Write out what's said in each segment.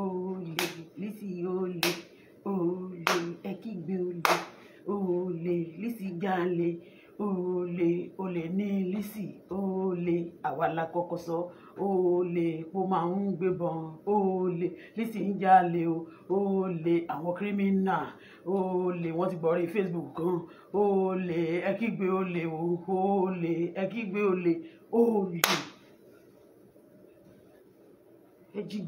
olè lisi olè olè ẹ kígbe olè olè Lizzy jalè olè olè ní Lizzy olè àwa la kọ́kọ́ sọ olè kó máa ń gbébọn olè Lizzy ń jalè o olè àwọn kírímínà olè wọ́n ti bọ̀rẹ̀ Facebook gan olè ẹ kígbe olè o olè ẹ olè olè. ẹ jí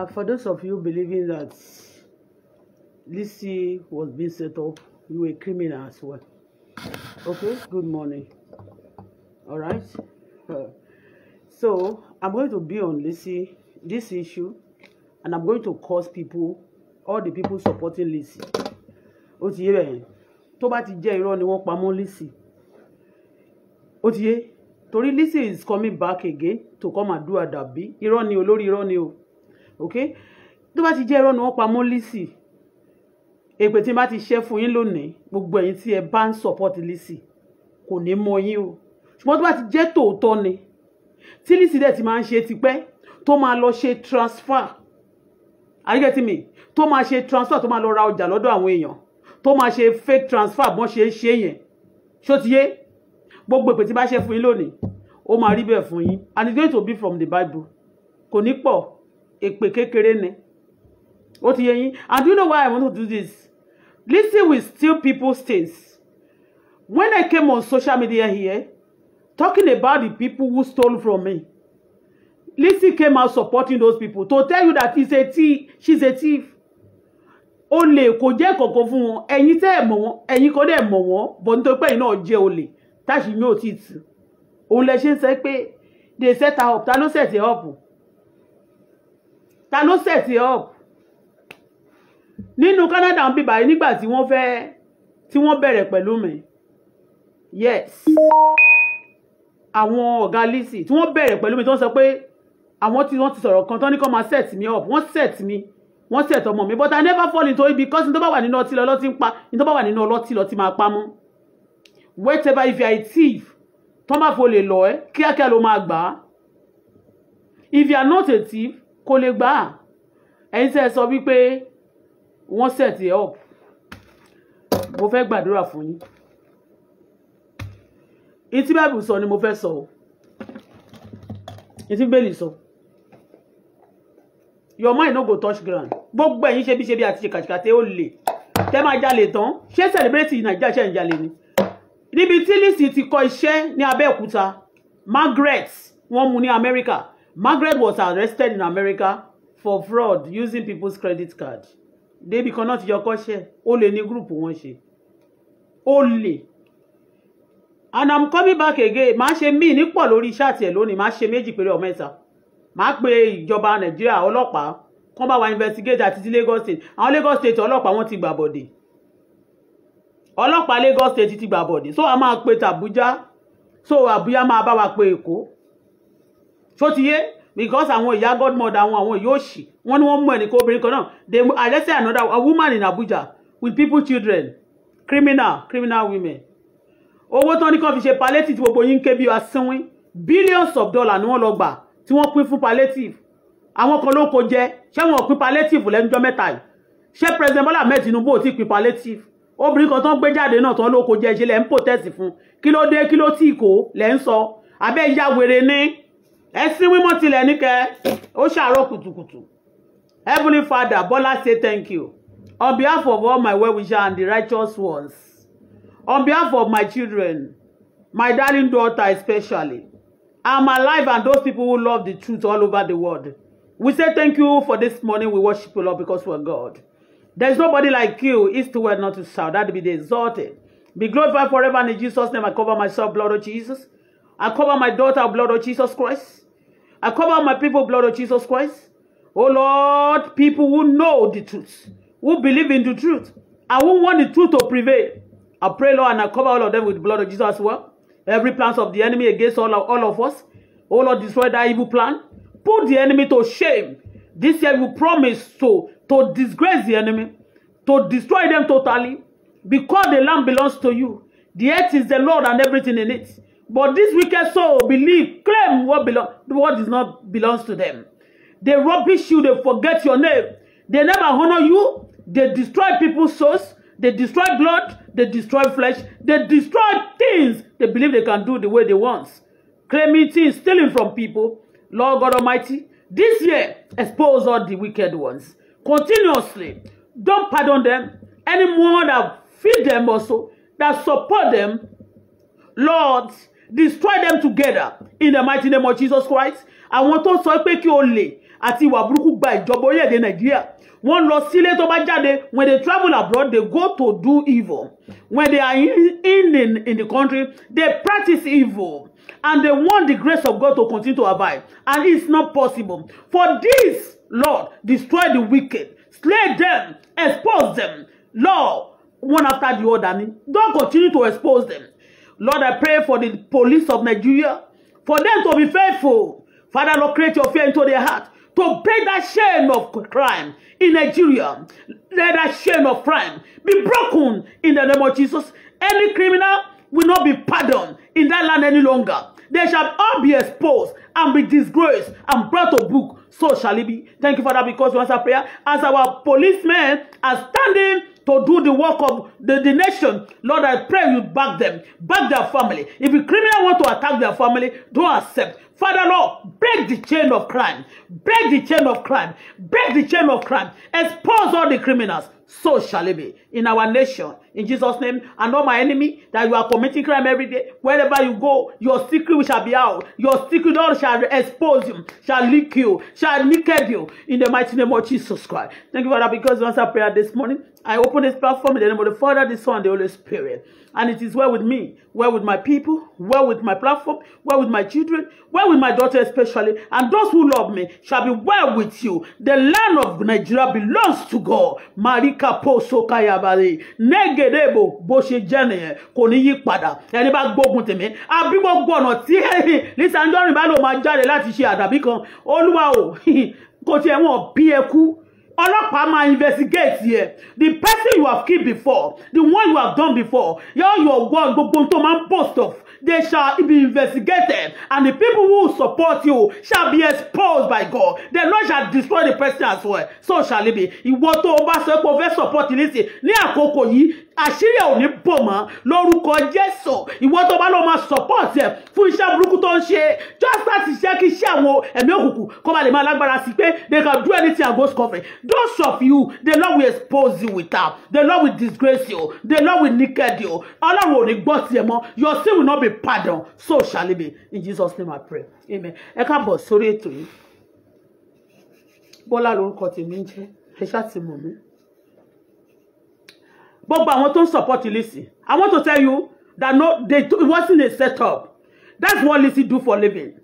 Uh, for those of you believing that Lizzy was being set up, you were a criminal as well. Okay, good morning. All right. Uh, so I'm going to be on Lissy this issue, and I'm going to cause people, all the people supporting Lissy. Ó ti yé bẹ́ẹ̀ tó bá ti jẹ́ irọ́ ni wọ́n pa mọ́ Lizzy. Ó ti yé is coming back again to come and do àdàbí irọ́ ni olórí irọ́ ni o okay tó bá ti jẹ́ irọ́ ni wọ́n pa mọ́lísì èpè tí n bá ti ṣe fún yín lónìí gbogbo ẹ̀yin tí ẹ bá ń support Lizzy kò ní mọ yín o ṣùgbọ́n tó bá ti jẹ́ tòótọ́ ni tí Lizzy dẹ̀ ti máa ń ṣe tipẹ́ tó máa lọ ṣe transfer àríkẹ́tì mi tó máa ṣe transfer tó máa lọ ra ọjà lọ́dọ̀ àwọn èèyàn tó máa ṣe fake transfer bọ́n ṣe ń ṣe yẹn ṣó ti yé gbogbo èpè tí n bá ṣe fún yín lónìí ó máa rí bẹ́ẹ̀ fún yín and it's going to be from the Bible kò ní pọ̀ èpè kékeré ni ó ti yé yín and you know why I want to do this listen with still people's things when I came on social media here talking about the people who stole from me Lizzy came out supporting those people to tell you that he's a thief she's a thief olè kò jẹ́ kankan fún wọn ẹ̀yin tẹ́ ẹ̀ mọ̀ wọ́n ẹ̀yin kò dẹ̀ mọ̀ wọ́n bọ̀ nítorí pé ẹ̀yin náà jẹ́ olè táṣì mi ò tì òun lẹ ṣe ń sẹ́ pé they set her up ta ló set her up ta ló set up nínú Canada ń bíbáyé nígbà tí wọ́n fẹ́ tí wọ́n bẹ̀rẹ̀ pẹ̀lú mi yes àwọn ọ̀gá lisi tí wọ́n bẹ̀rẹ̀ pẹ̀lú mi tó ń sọ pé àwọn tí wọ́n ti sọ̀rọ̀ kan tó ní kó máa set me up wọ́n set me wọ́n set ọmọ mi but I never fall into it because ní tó bá wà nínú ọtí lọ lọ́tí ń pa ní tó bá wà nínú ọlọ́tí lọ́tí máa pa mọ́ whatever if you a thief tó máa fo lè lọ ẹ́ kíákíá ló máa gbà if you are not a thief kò lè gbà á ẹ̀yin tẹ́ ẹ sọ wípé wọ́n set ẹ up mo fẹ́ gbàdúrà fún yín ìtí báàbù sọ ni mo fẹ́ sọ o ìtí bẹ́ẹ̀lì sọ your mind no go touch ground gbogbo ẹ̀yin ṣe bí ṣe bí àti ṣe kàṣìkàṣì ó lè tẹ́ máa jalè tán ṣé celebrate nàìjíríà ṣe ń jalè ni níbi tí Lizzy ti kọ́ iṣẹ́ ní Abẹ́òkúta Margaret wọ́n mú ní Amẹ́ríkà Margaret was arrested in America for fraud using people's credit card débi kan náà ti yọkọ ṣe ó lè ní gúrùpù wọn ṣe ó lè and i'm coming back again máa ṣe míì nípọ̀ lórí iṣẹ́ àti ẹ̀ lónìí máa ṣe méjì péré ọmọ ẹ̀ta máa pe ìjọba nàìjíríà ọlọ́pàá kán bá wa investigate àti ti lagos state àwọn lagos state ọlọ́pàá wọn ti gbà bọ̀dẹ̀ ọlọ́pàá lagos state ti gbà bọ̀dẹ̀ so a máa pe tàbújá so àbújá máa bá wa pe èkó tó ti yé because àwọn ìyá godmother àwọn àwọn yóò ṣì wọ́n ní wọ́n mú ẹnì kan obìnrin kan náà they arrested another a woman in Abuja with people children criminal criminal women owó tán ní kàn fi ṣe palliative tí gbogbo yín ń ké bí asínwín billions of dollars ni wọ́n lọ gbà tí wọ́n pín fún palliative àwọn kan ló kó jẹ ṣé wọn pín palliative lẹ́nujọ́ mẹ́ta yìí ṣé president Bola Ahmed Tinubu ò tí pín palliative obìnrin kan tán gbé jáde náà tán ló kó jẹ ṣe lẹ́ ń protest fún kí ló dé kí ló tí kò lẹ́ ń sọ abẹ́ ìyá wèrè ní ẹ̀sìn mímọ́ tilẹ̀ níkẹ́ ó ṣàárọ̀ kùtùkùtù heavenly father Bọ́lá say thank you on behalf of all my well-wishers and the righteous ones on behalf of my children my darling daughter especially and my life and those people who love the truth all over the world we say thank you for this morning we worship you Lord because we are God there is nobody like you It's too west not to shout. that be the exalted be glorified forever and in Jesus name I cover myself blood of Jesus I cover my daughter blood of Jesus Christ I cover my people, blood of Jesus Christ. Oh Lord, people who know the truth, who believe in the truth, and who want the truth to prevail. I pray, Lord, and I cover all of them with the blood of Jesus as well. Every plans of the enemy against all of, all of us. Oh Lord, destroy that evil plan. Put the enemy to shame. This year we promise to, to disgrace the enemy, to destroy them totally, because the land belongs to you. The earth is the Lord and everything in it. But this wicked soul believe, claim what belong, what is not belongs to them. They rubbish you, they forget your name. They never honor you. They destroy people's souls. They destroy blood. They destroy flesh. They destroy things. They believe they can do the way they want. Claiming things, stealing from people. Lord God Almighty, this year, expose all the wicked ones. Continuously, don't pardon them. Anyone that feed them also, that support them, Lord, destroy them together in the mighty name of Jesus Christ àwọn tó sọ pé kí olè àti ìwà burúkú gba ìjọba orílẹ̀-èdè nàìjíríà wọ́n lọ sílé tó bá jáde when they travel abroad they go to do evil when they are in in, in the country they practice evil and they want the grace of God to continue to abide and it's not possible for this Lord destroy the wicked slay them expose them Lord one after the other don't continue to expose them Lord, I pray for the police of Nigeria, for them to be faithful. Father, Lord, create your fear into their heart to break that shame of crime in Nigeria. Let that shame of crime be broken in the name of Jesus. Any criminal will not be pardoned in that land any longer. They shall all be exposed and be disgraced and brought to book. So shall it be. Thank you, Father, because you answer prayer. As our policemen are standing to do the work of the, the nation. Lord, I pray you back them, back their family. If a criminal want to attack their family, don't accept. Father Lord, break the chain of crime. Break the chain of crime. Break the chain of crime. Expose all the criminals so shall it be in our nation. In Jesus' name, and all my enemy that you are committing crime every day, wherever you go, your secret shall be out. Your secret all shall expose you, shall leak you, shall naked you. In the mighty name of Jesus Christ. Thank you, Father, because you answered prayer this morning. I open this platform in the name of the Father, the Son, and the Holy Spirit and it is well with me, well with my people, well with my platform, well with my children, well with my daughter especially, and those who love me shall be well with you. The land of Nigeria belongs to God. Marika Poso Kayabari, Negedebo, Boshe Jene, Koni Yípadà, ẹni bá gbógun tèmi, àbí gbogbo ọ̀nà tí Lisa Anjorin bá lò máa jáde láti ṣe àdàbí kan, Olúwa o, kò tiẹ̀ wọ́n bí ọlọ́pàá máa investigate yẹ the person you have killed before the one you have done before yóò yọ wọ́n gbogbo tó máa ń post of, they shall be investigated and the people who support you shall be exposed by God the Lord shall destroy the person as well so shall it be ìwọ tó o bá sọ pé o fẹ́ support nísìn ní àkókò yìí àṣírí ẹ̀ ò ní bò mọ́ lórúkọ jésù ìwọ tó bá lọ máa support ẹ̀ fún iṣẹ́ burúkú tó ń ṣe just start iṣẹ́ kí iṣẹ́ àwọn ẹ̀mí òkùnkùn kó ba lè máa lágbára sí pé they can do anything and go scoffing those of you the Lord will expose you with am the Lord will disgrace you the Lord will naked you ọlọ́run ò ní gbọ́ tiẹ̀ mọ́ your sin will not be pardoned so shall it be in Jesus name I pray amen ẹ káàbọ̀ sórí ètò yìí bọ́lá lórúkọ tèmi ń jẹ́ ẹ ṣáà ti mọ̀ mí gbogbo àwọn tó ń support Lizzy I want to tell you that no they it wasn't a set up that's what Lizzy do for living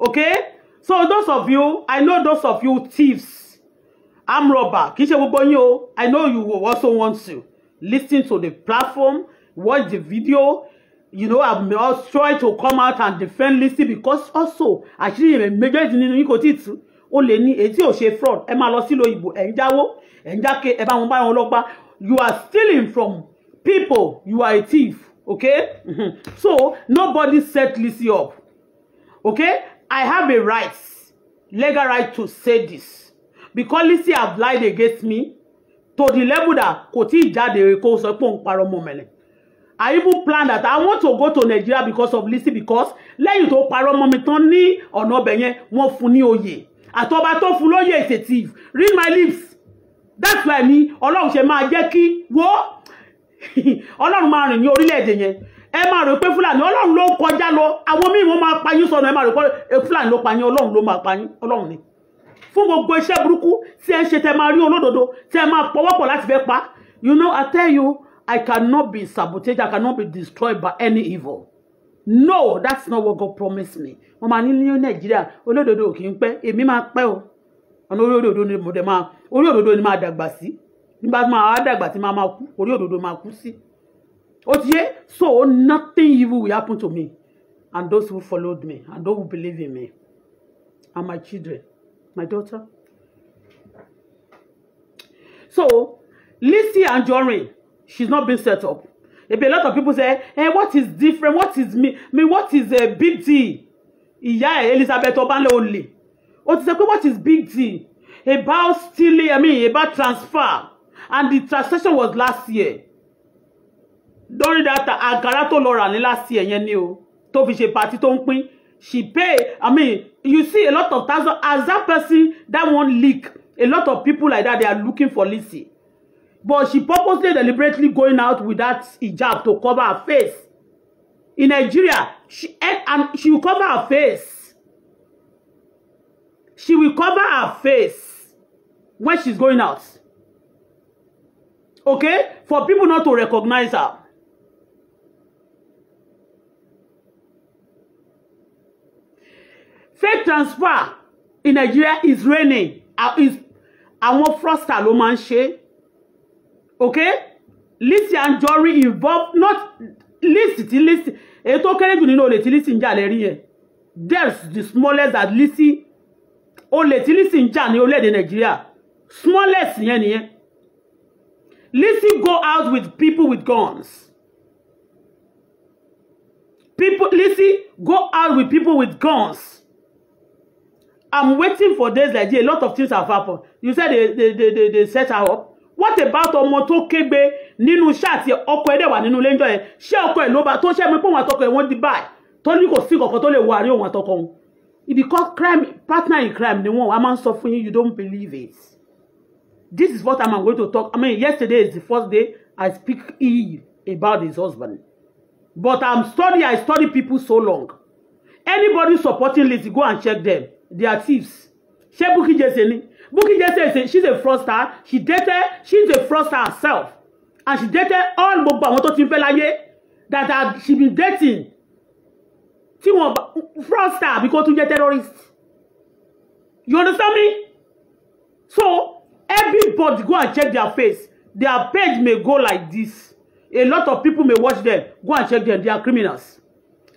okay so those of you I know those of you thieves arm robber kì í ṣe gbogbo yín o I know you will also want to listen to the platform watch the video you know I may also try to come out and defend Lizzy because also actually ìrìn méjèèjì nínú yín kò tí ì tú ó lè ní èyí tí ò ṣe fraud ẹ máa lọ sílò ìbò ẹ̀ ń jáwó ẹ̀ ń jáke ẹ bá wọn bá wọn lọ́gbà you are stealing from people you are a thief okay mm-hmm. so nobody set Lizzy up okay I have a right legal right to say this because Lizzy have lied against me to the level that kò tí ì jáde kó sọ pé òun parọ́ mọ́ mẹ́lẹ̀ I even plan that I want to go to Nigeria because of Lizzy because lẹ́yìn tó parọ́ mọ́ mi tán ní ọ̀nà ọbẹ̀ yẹn wọ́n fún ní oyè àtọ́ba tó fún lóyè is a thief read my lips that's why mi ọlọ́run ṣe máa jẹ́ kí wo ọlọ́run máa rìn ní orílẹ̀-èdè yẹn ẹ máa rò pé fúlàní ọlọ́run ló ń kọjá lọ àwọn míì wọ́n máa payín sọnù ẹ máa rò pé fúlàní ló payín ọlọ́run ló máa payín ọlọ́run ni fún gbogbo iṣẹ́ burúkú tí ẹ ń ṣe tẹ máa rí olódodo tí ẹ máa pọwọ́pọ̀ láti pa you know I tell you I cannot be sabotaged I cannot be destroyed by any evil no that's not what God promised me wọ́n máa ní ní Nàìjíríà olódodo kì í pẹ́ èmi máa pẹ́ o àmì orí òdodo ni mo dẹ̀ máa orí òdodo ni máa dàgbà sí nígbà tí máa dàgbà tí máa máa kú orí òdodo máa kú sí ó ti yé so nothing evil will happen to me and those who followed me and those who believe in me and my children my daughter so and Anjorin she's not been set up ebi a lot of people say eh what is different what is me me what is a big deal ìyá Elizabeth Obanle only ó ti sọ pé what is big deal about stealing i mean about transfer and the transaction was last year lórí data àgàrà tó lọ rà ní last year yẹn ni o tó fi ṣe pàtí tó ń pín she pay i mean you see a lot of thousand as that person that one leak a lot of people like that they are looking for Lizzy but she purposely deliberately going out with that hijab to cover her face in Nigeria she and she cover her face She will cover her face when she's going out. Okay? For people not to recognize her. Fake transfer in Nigeria is raining. Uh, is àwọn fraudster ló máa ń ṣe. Okay? involved not Lizzy tí Lizzy èyí tó kéré jù nínú olè tí Lizzy ń There's the smallest that Lizzy olè tí Lizzy ń jà ní orílẹ̀-èdè Nàìjíríà smallest yẹn nìyẹn Lizzy go out with people with guns people Lizzy go out with people with guns. I'm waiting for days like this. A lot of things have happened. You said they, they, they, they, set her up. What about ọmọ tó kégbe nínú iṣẹ́ àti ọkọ ẹ̀ dẹ̀ wà nínú ilé ńjọ́ yẹn? Ṣé ọkọ ẹ̀ ló bá tó ṣẹ́ mi pé òun àtọkọ ẹ̀ wọ́n di báyìí? Tó ní kò sí kankan tó lè wọ àárín òun àtọkọ òun because crime partner in crime the wọn a máa you don't believe it this is what i'm going to talk i mean yesterday is the first day i speak ill about his husband but i'm study i study people so long anybody supporting Lizzy go and check them they are thieves ṣé Bukky Jesse ni Bukky Jesse a she's a fraudster she dated she's a fraudster herself and she dated all gbogbo àwọn tó that she been dating tí wọ́n bá fraudster àbí kó tún jẹ́ terrorist you understand me so everybody go and check their face their page may go like this a lot of people may watch them go and check them they are criminals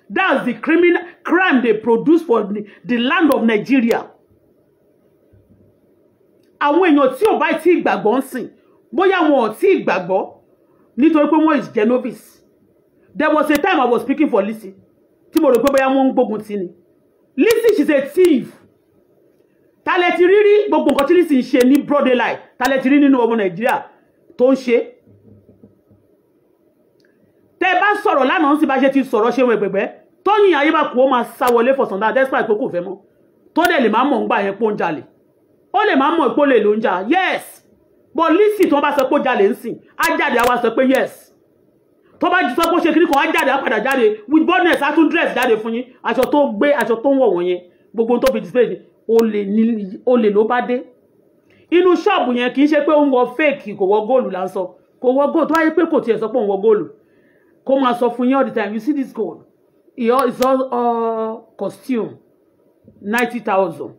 that's the criminal crime they produce for the, the land of Nigeria àwọn èèyàn tí ò bá tí ì gbàgbọ́ ń sìn bóyá wọn ò tí ì nítorí pé wọ́n is genovese. there was a time I was speaking for Lizzy tí mo rò pé bóyá wọ́n ń gbógun ti ni Lizzy she's a thief talẹ̀ ti rí rí gbogbo nǹkan tí Lizzy ń ṣe ní broad daylight talẹ̀ ti rí nínú ọmọ Nàìjíríà tó ń ṣe tẹ́ bá sọ̀rọ̀ lánàá ń sì bá ṣe ti sọ̀rọ̀ ṣe wọn ẹ̀gbẹ̀gbẹ́ Tóyìn Ayébákú ó máa sá wọlé fọ̀sán dáa despite pé kò fẹ́ mọ́ tó dẹ̀ lè má mọ̀ ń gbà yẹn pé jalè ó lè má mọ̀ pé lè ló ń jà yes but Lizzy tí wọ́n bá sọ pé ó jalè ń sìn á jáde sọ pé yes tó bá sọ pé ó ṣe kiri kan á jáde á padà jáde with boldness á tún dress jáde fún yín aṣọ tó gbé aṣọ tó ń wọ̀ wọ̀nyẹn gbogbo tó fi display ni olè ló bá dé inú ṣọ́ọ̀bù yẹn kì í ṣe pé ó ń wọ fake kò wọ góòlù là ń sọ kò wọ góòlù tó wáyé pé kò tiẹ̀ sọ pé ó wọ góòlù kó máa sọ fún yín all the time you see this gold it's all uh, costume ninety thousand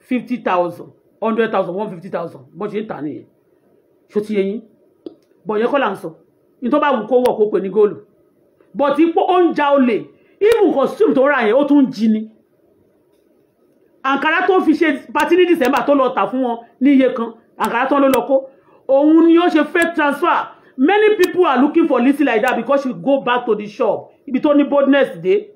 fifty thousand hundred thousand one fifty thousand bó ṣe ń tà nìyẹn ṣó ti yẹ yín bọ̀ yẹn kọ́ là ń sọ ní tó bá wù kó wọ̀ kó pè ní góòlù but ipò oúnjẹ olè even costume tó rà yẹn ó tún jí ni àǹkárá tó fi ṣe party ní december tó lọ tà fún wọn ní iye kan àǹkárá tó ló lọ kó òun ni ó ṣe fake transfer many people are looking for Lizzy like that because she go back to the shop ibi tó ní boldness dé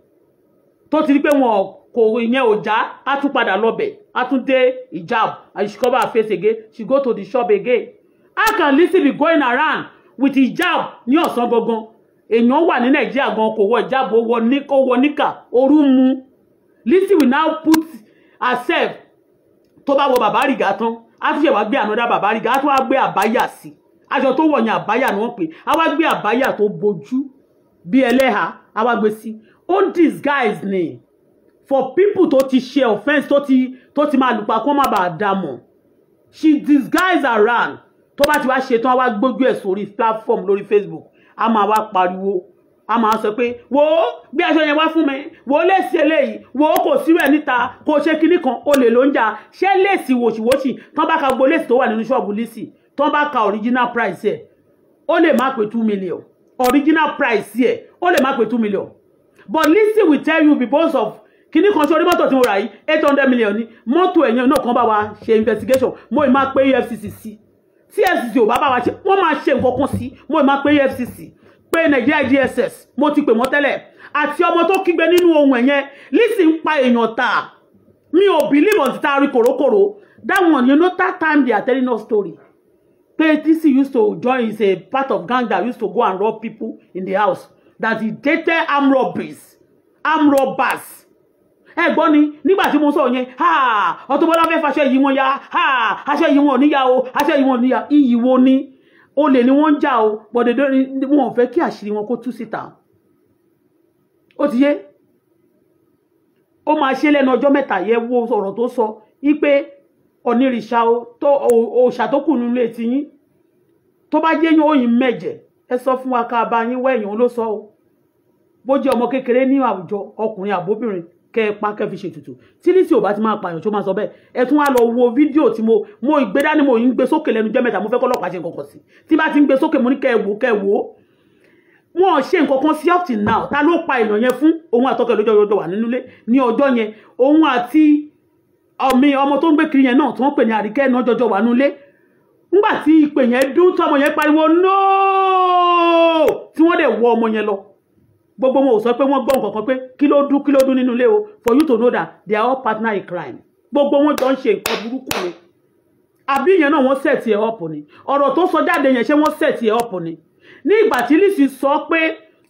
tó ti rí pé wọn kò ìyẹn ò já á tún padà lọ́bẹ̀ á tún dé hijab and she cover her face again she go to the shop again how can Lizzy be going around with hijab ní ọ̀sán gangan èèyàn wà ní nàìjíríà gan kò wọ hijab ó wọ ní kó wọ níkà ooru mu Lizzy will now put herself tó bá wọ bàbá rìgá tán á fi ṣẹ̀wá gbé ànádà bàbá rìgá á tún wá gbé àbáyà sí aṣọ tó wọ̀ yẹn àbáyà ni wọ́n pè á wá gbé àbáyà tó bojú bí ẹlẹ́hà á wá gbé sí ó disguise ni for people tó ti ṣe offence tó ti tó ti máa lùpàkọ́ má bàa dà mọ̀ she disguise around tó bá ti wá ṣe tán wá gbójú ẹ̀ sórí platform lórí Facebook a máa wá pariwo a máa sọ pé wo gbé aṣọ yẹn wá fún mi wo léèsì eléyìí wo kò sírò ẹ̀ níta kò ṣe kinní kan olè ló ń jà ṣé léèsì wòṣìwòṣì tán bá ka gbogbo léèsì tó wà nínú ṣọ́ọ̀bù lísì tán bá ka original price ẹ̀ ó lè má pé two million original price ẹ̀ ó lè má pé two million but lísì will tell you because of kìíní kan sórí mọ́tò tí mo rà yìí eight hundred million ni mọ́tò ẹ̀yàn náà kan bá wa ṣe investigation mo ì máa pé EFCC sí tí efcc ò bá bá wa ṣe wọ́n máa ṣe nǹkan kan sí mo máa pe efcc pe nigeria dss mo ti pè wọ́n tẹ́lẹ̀ àti ọmọ tó kígbe nínú ohun ẹ̀yẹn lisi ń pa èèyàn ta mi ò believe on títa rí Korokoro. that one you know that time they are telling us story pé lisi used to join is a part of gang that used to go and rob people in the house that he dated armed robbers armed robbers ẹ gbọ́ ni nígbà tí mo sọ yẹn Auto Bola fẹ́ faṣọ yìí wọn ya aṣọ yìí wọn ò níyà o aṣọ yìí wọn ò níyà iyì wo ni olè ni wọ́n ń jà o bọ̀dẹ̀dọ́ ni wọn ò fẹ́ kí àṣírí wọn kó tú síta ó ti yé ó máa ṣe lẹ́nu ọjọ́ mẹ́ta yẹ wo ọ̀rọ̀ tó sọ wípé o tó òòṣà tó kù nínú etí yín tó bá jẹ́ yín òyìn mẹ́jẹ̀ ẹ sọ fún wa ká bá yín wẹ̀yìn ló sọ o bó jẹ́ ọmọ kékeré ní àwùjọ ọkùnrin àbóbìnrin kẹ ẹ pa kẹ fi ṣe ètùtù tí Lizzy ò bá ti máa pààyàn tó máa sọ bẹ́ẹ̀ ẹ tún wá lọ wo fídíò tí mo mo ìgbé dání mo ń gbé sókè lẹ́nu jẹ́ mẹ́ta mo fẹ́ kọ́ ọlọ́pàá ṣe nǹkan kan sí tí bá ti ń gbé sókè mo ní kẹ ẹ kẹ ẹ wọn ṣe nǹkan sí up till now ta ló pa èèyàn yẹn fún òun àtọkẹ lójọ yọjọ wà nínú ilé ní ọjọ́ yẹn òun àti ọmọ ọmọ tó ń gbé kiri yẹn náà tí wọ́n pè ní àríkẹ́ náà jọjọ wà nínú ilé nígbà tí ìpè yẹn dún tọmọ yẹn pariwo nóò tí wọ́n dẹ̀ wọ ọmọ yẹn lọ gbogbo wọn ò sọ pé wọ́n gbọ́ nǹkan kan pé kí ló dún kí ló dún nínú ilé o for you to know that they are all partner in crime gbogbo wọn jọ ń ṣe nǹkan burúkú ni àbí ìyẹn náà wọ́n set ẹ̀ up ni ọ̀rọ̀ tó sọ jáde yẹn ṣé wọ́n set ẹ̀ up ni ní ìgbà tí Lizzy sọ pé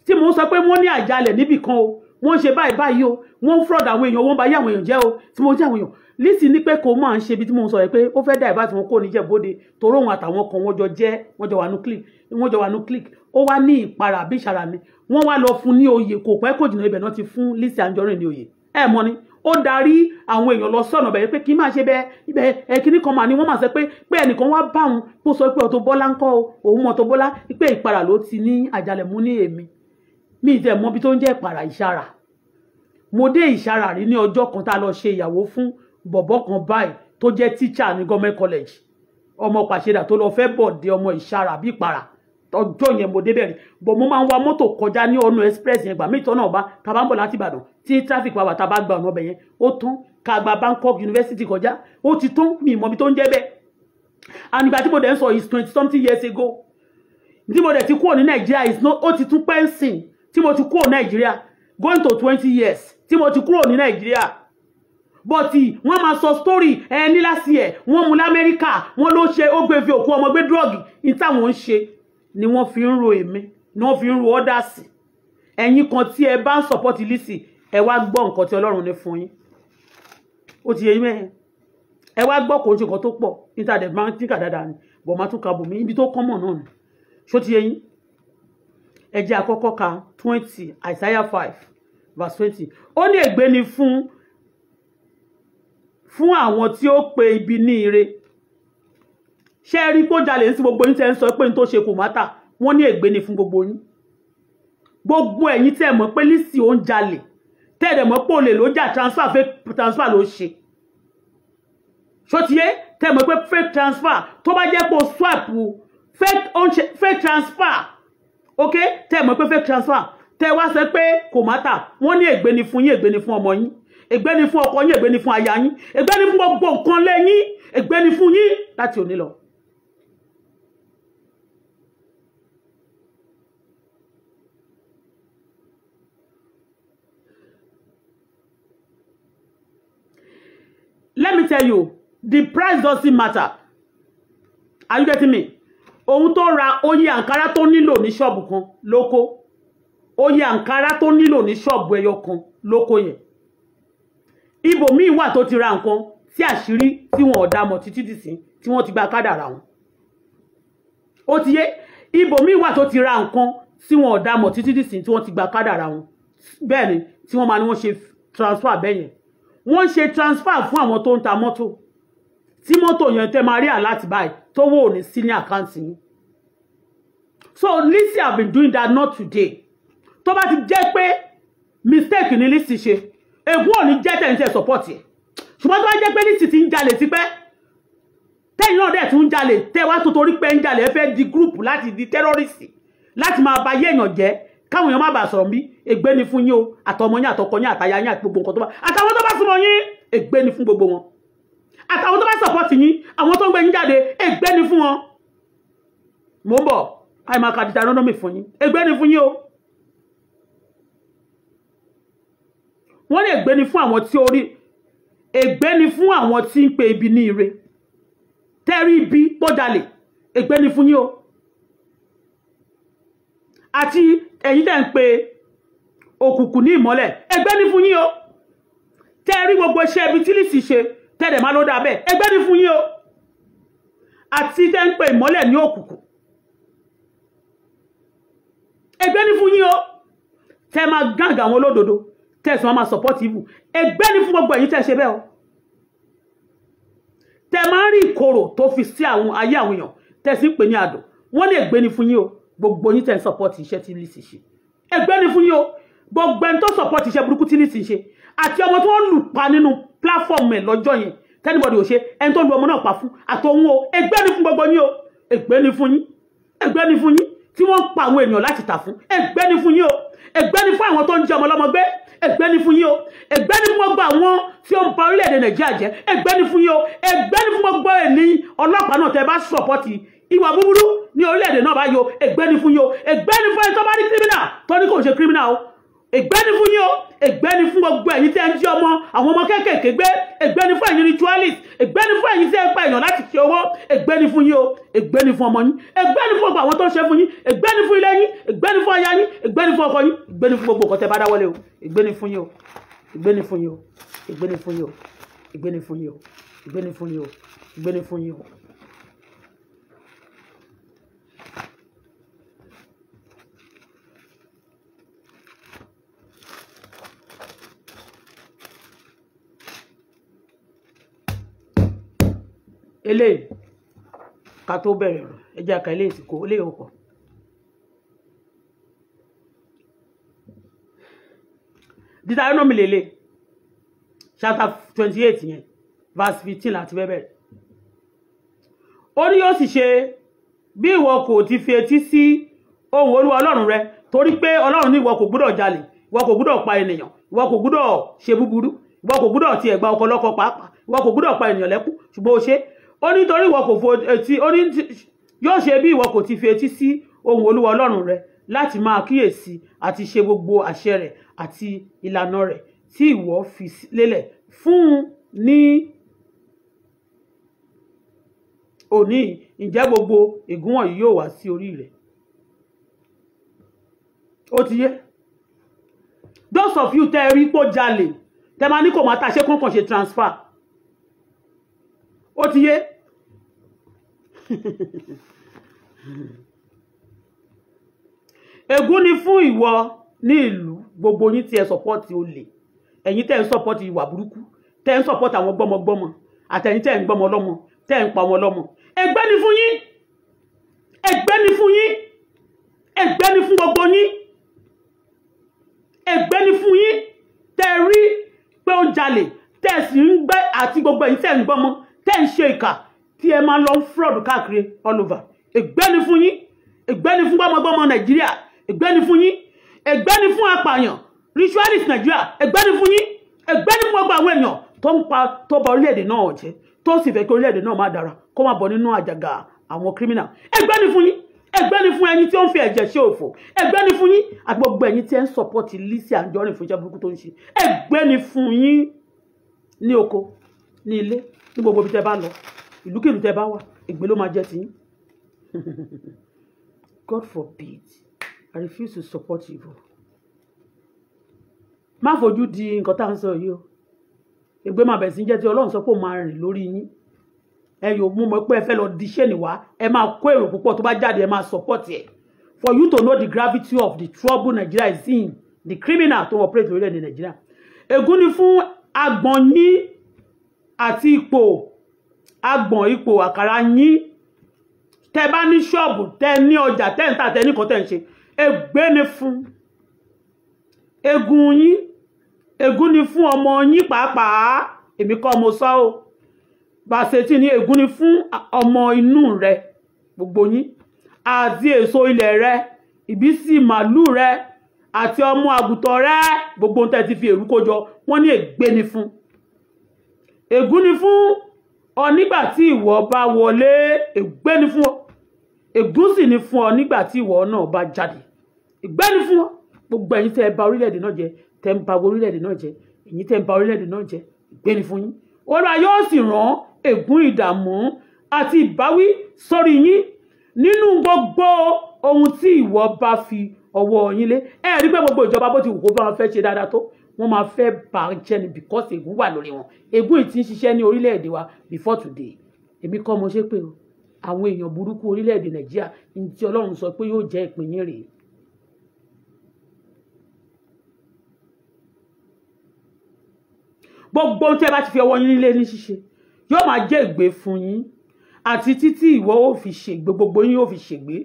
tí mò ń sọ pé wọ́n ní àjálẹ̀ níbì kan o wọ́n ń ṣe báyìí báyìí o wọ́n ń fraud àwọn èèyàn wọ́n ń ba ayé àwọn èèyàn jẹ́ o tí mo jẹ́ àwọn èèyàn Lizzy ní pé kò máa ń ṣe ibi tí mò ń sọ yẹn pé ó fẹ́ dá ìbá tí wọ́n kó níjẹ̀bọ́dé torí òun àtàwọn kan wọ́n jọ jẹ́ wọ́n jọ wà nú click wọ́n jọ click ó wá ní ìpara àbí ìṣara mi wọ́n wá lọ fún ní oyè kò pẹ́ kò jìnnà ibẹ̀ náà ti fún Lizzy Anjorin ní oyè ẹ mọ̀ ni ó darí àwọn èèyàn lọ sọ̀nà bẹ̀rẹ̀ pé kí n máa ṣe bẹ́ẹ̀ ibẹ̀ ẹ kíní kan mà ní wọ́n mà sọ pé pé ẹnìkan wá bá òun kó sọ pé Auto Bola ń kọ́ òun Auto Bola pé ìpara ló ti ní àjálẹ̀ mú ní èmi mi ì tẹ̀ mọ́ bí tó ń jẹ́ ìpara ìṣara mo dé ìṣara rí ní ọjọ́ kan tá a lọ ṣe ìyàwó fún bọ̀bọ́ kan báyìí tó jẹ́ tíṣà ní gọ́mẹ̀ college ọmọ pàṣẹdà tó lọ fẹ́ bọ̀ dé ọmọ ìṣara bí ìpara ọjọ́ yẹn mo débẹ̀ rí bọ̀ mo máa ń wa mọ́tò kọjá ní ọ̀nà express yẹn gbà mí ìtọ́nà ọba tá a bá ń bọ̀ láti Ìbàdàn tí traffic wà wà tá a bá gba ọ̀nà ọbẹ̀ yẹn ó tán ká gba Bangkok University kọjá ó ti tán mi ìmọ̀ mi tó ń jẹ́ bẹ́ẹ̀ and tí mo dẹ̀ ń sọ is twenty something years ago tí mo dẹ̀ ti kúrò ní Nàìjíríà is no ó ti tún pẹ́ǹsìn tí mo ti kúrò Nàìjíríà going to twenty years tí mo ti kúrò ní Nàìjíríà bọ́tì wọ́n máa sọ story ẹ ní láti ẹ̀ wọ́n mú lamẹ́ríkà wọ́n ló ṣe ó gbé fi òkú ọmọ gbé drug ní táwọn ń ṣe ni wọ́n fi ń ro èmi ni wọ́n fi ń ro ọ́dàsì ẹ̀yin kan tí ẹ bá ń sọ̀pọ́tì Lizzy ẹ wá gbọ́ nǹkan tí Ọlọ́run ní fún yín ó ti yẹ yín mẹ́rin ẹ wá gbọ́ kò ń ṣe nǹkan tó pọ̀ níta dẹ̀ máa ń tíkà dáadáa ni bọ̀má tún ka bòmí ibi tó kọ́mọ̀ náà ni ṣó ti yẹ yín ẹ àkọ́kọ́ ka twenty Isaiah five verse twenty ó ní ègbé ni fún fún àwọn tí ó pe ibi ní ire ṣé ẹ rí pé ó jalè sí gbogbo yín tẹ́ ń sọ pé n tó ṣe kò mátà wọ́n ní ègbé ni fún gbogbo yín gbogbo ẹ̀yin tẹ́ mọ̀ pé Lizzy ó ń jalè tẹ́ dẹ̀ mọ̀ pé olè ló jà transfer fake transfer ló ṣe ṣótiyé tẹ́ mọ̀ pé fake transfer tó bá jẹ́ pé o swap fake fake transfer ok tẹ́ mọ̀ pé fake transfer tẹ́ wá sọ pé kò mátà wọ́n ní ègbé ni fún yín ègbé ni fún ọmọ yín ègbé ni fún ọkọ yín ègbé ni fún aya yín ègbé ni fún gbogbo nǹkan lẹ́yìn ègbé ni fún yín láti òní lọ. let me tell you the price doesn't matter are you getting me ohun tó ra oye àǹkárá tó nílò ní ṣọ́ọ̀bù kan ló oye àǹkárá tó nílò ní ṣọ́ọ̀bù ẹyọ kan ló kó yẹn ibòmíì wà tó ti ra nǹkan tí àṣírí tí wọn ò dá mọ̀ títí dìsín tí wọ́n ti gba kádàrà wọn ó ti yé ibòmíì wà tó ti ra nǹkan tí wọn ò dá mọ̀ títí dìsín tí ti gba kádàrà wọn bẹ́ẹ̀ ni tí wọ́n máa ní wọ́n ṣe transfer bẹ́ẹ̀ yẹn wọ́n ṣe transfer fún àwọn tó ń ta mọ́tò tí mọ́tò yẹn tẹ́ máa rí àláti báyìí tó wò ní sí ní àkáǹtì yín so Lizzy have been doing that not today tó bá ti jẹ́ pé mistake ni Lizzy ṣe ègún ò ní jẹ́ tẹ̀yìn tẹ̀ support yẹ ṣùgbọ́n tó bá jẹ́ pé Lizzy ti ń jalè tipẹ́ tẹ̀yìn náà dẹ̀ tún ń jalè tẹ́ wá tó torí pé ń jalè ẹ fẹ́ di group láti di terrorist láti máa ba yé èèyàn jẹ́ káwọn èèyàn má bàa sọ̀rọ̀ bí ègbé ni fún yín o àtọmọ yín àtọkọ yín àtaya yín àti gbogbo nǹkan tó bá àtàwọn tó bá súnmọ́ yín ègbé ni fún gbogbo wọn àtàwọn tó bá support yín àwọn tó ń gbé yín jáde ègbé ni fún wọn mò ń bọ̀ àìmọ̀ àkàdìtà rọ́nọ́mì fún yín ègbé ni fún yín o wọ́n lè gbé ni fún àwọn tí orí ègbé ni fún àwọn tí ń pe ibi ní ire tẹ́rí ibi pọ́dalẹ̀ àti ẹ̀yin tẹ̀ ń pe òkùnkùn ní ìmọ́lẹ̀ ẹgbẹ́ ní fún yín o tẹ́ ẹ rí gbogbo iṣẹ́ ibi tí lìsì ṣe tẹ́ dẹ̀ máa ló dáa bẹ́ẹ̀ ẹgbẹ́ ní fún yín o àti tẹ́ ń pe ìmọ́lẹ̀ ní òkùnkùn ẹgbẹ́ ní fún yín o tẹ́ máa gáàgà àwọn olódodo tẹ́ ẹ̀ sọ máa support ibù ẹgbẹ́ ní fún gbogbo ẹ̀yin tẹ́ ṣe bẹ́ẹ̀ o tẹ́ máa ń rí ìkorò tó fi sí àwọn ayé àwọn èèyàn tẹ́ sì pè ní àdùn wọ́n lè gbé ní fún yín o gbogbo yín tẹ̀ ń support iṣẹ́ tí Lizzy ṣe ẹgbẹ́ ni fún yín o gbogbo ẹni tó support iṣẹ́ burúkú tí Lizzy ṣe àti ọmọ tí wọ́n lù pa nínú platform ẹ̀ lọ́jọ́ yẹn tẹ́nibọ̀dì ò ṣe ẹni tó lu ọmọ náà pa fún àtọ̀hún o ẹgbẹ́ ni fún gbogbo yín o ẹgbẹ́ ni fún yín ẹgbẹ́ ni fún yín tí wọ́n pa àwọn èèyàn láti tà fún ẹgbẹ́ ni fún yín o ẹgbẹ́ ni fún àwọn tó ń jẹ ọmọ lọ́mọ gbé ẹgbẹ́ ni fún yín o ẹgbẹ́ ni fún gbogbo àwọn tí ó ń pa orílẹ̀-èdè nàìjíríà jẹ́ ẹgbẹ́ ni fún yín o ẹgbẹ́ ni fún gbogbo ẹni ọlọ́pàá náà tẹ́ bá sọ̀pọ̀tì ìwà búburú ní orílẹ̀-èdè náà bá yo ègbé ni fún yo ègbé ni fún ẹni tó bá ní kírímìnà tó ní kò ṣe kírímìnà o ègbé ni fún yín o ègbé ni fún gbogbo ẹ̀yin tẹ́ ń jí ọmọ àwọn ọmọ kéékèèké gbé ègbé ni fún ẹ̀yin ritualist ègbé ni fún ẹ̀yin tẹ́ ń pa èèyàn láti ṣe owó ègbé ni fún yín o ègbé ni fún ọmọ yín ègbé ni fún gbogbo àwọn tó ń ṣe fún yín ègbé ni fún ilé yín ègbé ni fún aya yín ègbé ni o ègbé fún yín o ègbé fún yín o eléyìí ká tó bẹ̀rẹ̀ rẹ̀ ẹ jẹ́ àka eléyìí kó eléyìí ó pọ̀. Deuteronomy lele chapter twenty eight yẹn verse fifteen láti bẹ́bẹ̀rẹ̀ ó ní yóò sì ṣe bí ìwọ kò ti fi etí sí ohùn olúwa ọlọ́run rẹ torí pé ọlọ́run ní ìwọ kò gbúdọ̀ jalè ìwọ kò gbúdọ̀ pa ènìyàn ìwọ kò gbúdọ̀ ṣe búburú ìwọ kò gbúdọ̀ ti ẹ̀gbà ọkọ lọ́kọ pàápàá ìwọ kò gbúdọ̀ pa ènìyàn lẹ́kú ṣùgbọ́n o ṣe ó ní torí ìwọ kò fo etí ó ní yóò ṣe bí ìwọ kò ti fi etí sí ohùn olúwa ọlọ́run rẹ láti máa kíyèsí àti ṣe gbogbo àṣẹ rẹ àti ìlànà rẹ tí ìwọ fi lélẹ̀ fún ní òní ǹjẹ́ gbogbo ègún wọ̀nyí yóò wá sí orí rẹ ó ti yé those of you tẹ́ ẹ rí pò jalè tẹ́ máa ní kò máa ta ṣé kọ́ńkàn ṣe transfer ó ti yé ègún ni fún ìwọ ní ìlú gbogbo yín tí ẹ sọpọ́ọ̀tì olè ẹ̀yin tẹ́ support sọpọ́ọ̀tì ìwà burúkú tẹ́ ń sọpọ́ọ̀tì àwọn gbọ́mọgbọ́mọ àtẹ̀yin tẹ́ ń gbọ́mọ lọ́mọ tẹ́ ń pa wọn olomo ẹgbẹ́ ni fún yín ẹgbẹ́ ni fún yín ẹgbẹ́ ni fún gbogbo yín ẹgbẹ́ ni fún yín tẹ́ rí pé ó jalè tẹ́ sì ń gbẹ́ àti gbogbo ẹ̀yin tẹ́ ń gbọ́mọ tẹ́ ń ṣe ìkà tí ẹ máa lọ ń fraud káàkiri all over ègbẹ́ ni fún yín ègbẹ́ ni fún gbọ́mọgbọ́mọ nàìjíríà ègbẹ́ ni fún yín ègbẹ́ ni fún apààyàn ritualist nàìjíríà ègbẹ́ ni fún yín ègbẹ́ ni fún gbogbo àwọn èèyàn tó ń pa tó bà orílẹ̀-èdè náà jẹ́ tó sì fẹ́ kí orílẹ̀ náà má dára kó má bọ̀ nínú àjàgà àwọn criminal ègbẹ́ ni fún yín ẹgbẹ́ ni fún ẹni tí ó ń fi ẹ̀jẹ̀ ṣe òfò ẹgbẹ́ ni fún yín àgbọ̀gbọ̀ ẹ̀yin tí ẹ ń sọpọ́tì Lizzy Anjorin fún iṣẹ́ burúkú tó ń ṣe ẹgbẹ́ ni fún yín ní oko ní ilé ní gbogbo ibi tẹ́ bá lọ ìlúkèlú tẹ bá wà ègbé ló máa jẹ tí God forbid I refuse to support evil má fojú di nǹkan tá à ń sọ yìí o ègbé máa bẹ̀rẹ̀ sí jẹ́ tí Ọlọ́run sọ pé ó máa rìn lórí yín ẹ yóò mú mọ́ pé ẹ fẹ́ lọ di iṣẹ́ nìwá ẹ máa kó èrò púpọ̀ tó bá jáde ẹ máa support ẹ for you to know the gravity of the trouble Nigeria is in the criminal tó operate lórílẹ̀‐èdè Nigeria ègún ni fún agbọ̀n yín àti ipò agbọ̀n ipò àkàrà yín tẹ bá ní ṣọ́ọ̀bù tẹ ní ọjà tẹ ń tà tẹ nìkan tẹ ń ṣe ègbé ni fún egun yín ègún ni fún ọmọ yín pàápàá èmi kọ́ mo sọ ọ́ bàṣetì ni ègún ni fún ọmọ inú rẹ gbogbo yín àti èso ilẹ̀ rẹ ìbísí màálù rẹ àti ọmọ àgùntàn rẹ gbogbo ohun ti fi èrú kó jọ wọ́n ní ègbé ni fún ègún ni fún ọ nígbà tí ìwọ bá wọlé ègbé ni fún ọ ègún sì ni fún ọ nígbà tí ìwọ náà bá jáde ègbé ni fún ọ gbogbo ẹ̀yin tẹ́ ẹ bà orílẹ̀-èdè náà jẹ́ tẹ́ ń bà orílẹ̀-èdè náà jẹ́ ẹ̀yin tẹ́ ń bà orílẹ̀ náà jẹ́ ègbé ni fún yín olúwa yóò sì rán ègún ìdààmú àti ìbáwí sórí yín nínú gbogbo ohun tí ìwọ bá fi ọwọ́ yín lé ẹ rí pé gbogbo ìjọba bó ti wù kó bá wọn fẹ́ ṣe dáadáa tó wọ́n máa fẹ́ bà jẹ́ ni because ègún wà lórí wọn ègún yìí ti ń ṣiṣẹ́ ní orílẹ̀-èdè wa before today èmi kọ́ mo ṣe pé o àwọn èèyàn burúkú orílẹ̀-èdè nàìjíríà ní tí ọlọ́run sọ pé yóò jẹ́ ìpín yín rèé gbogbo tí ẹ bá ti fi ọwọ́ yín nílé ní ṣíṣe yóò máa jẹ́ ìgbé fún yín àti títí ìwọ ó fi ṣègbé gbogbo yín ó fi ṣègbé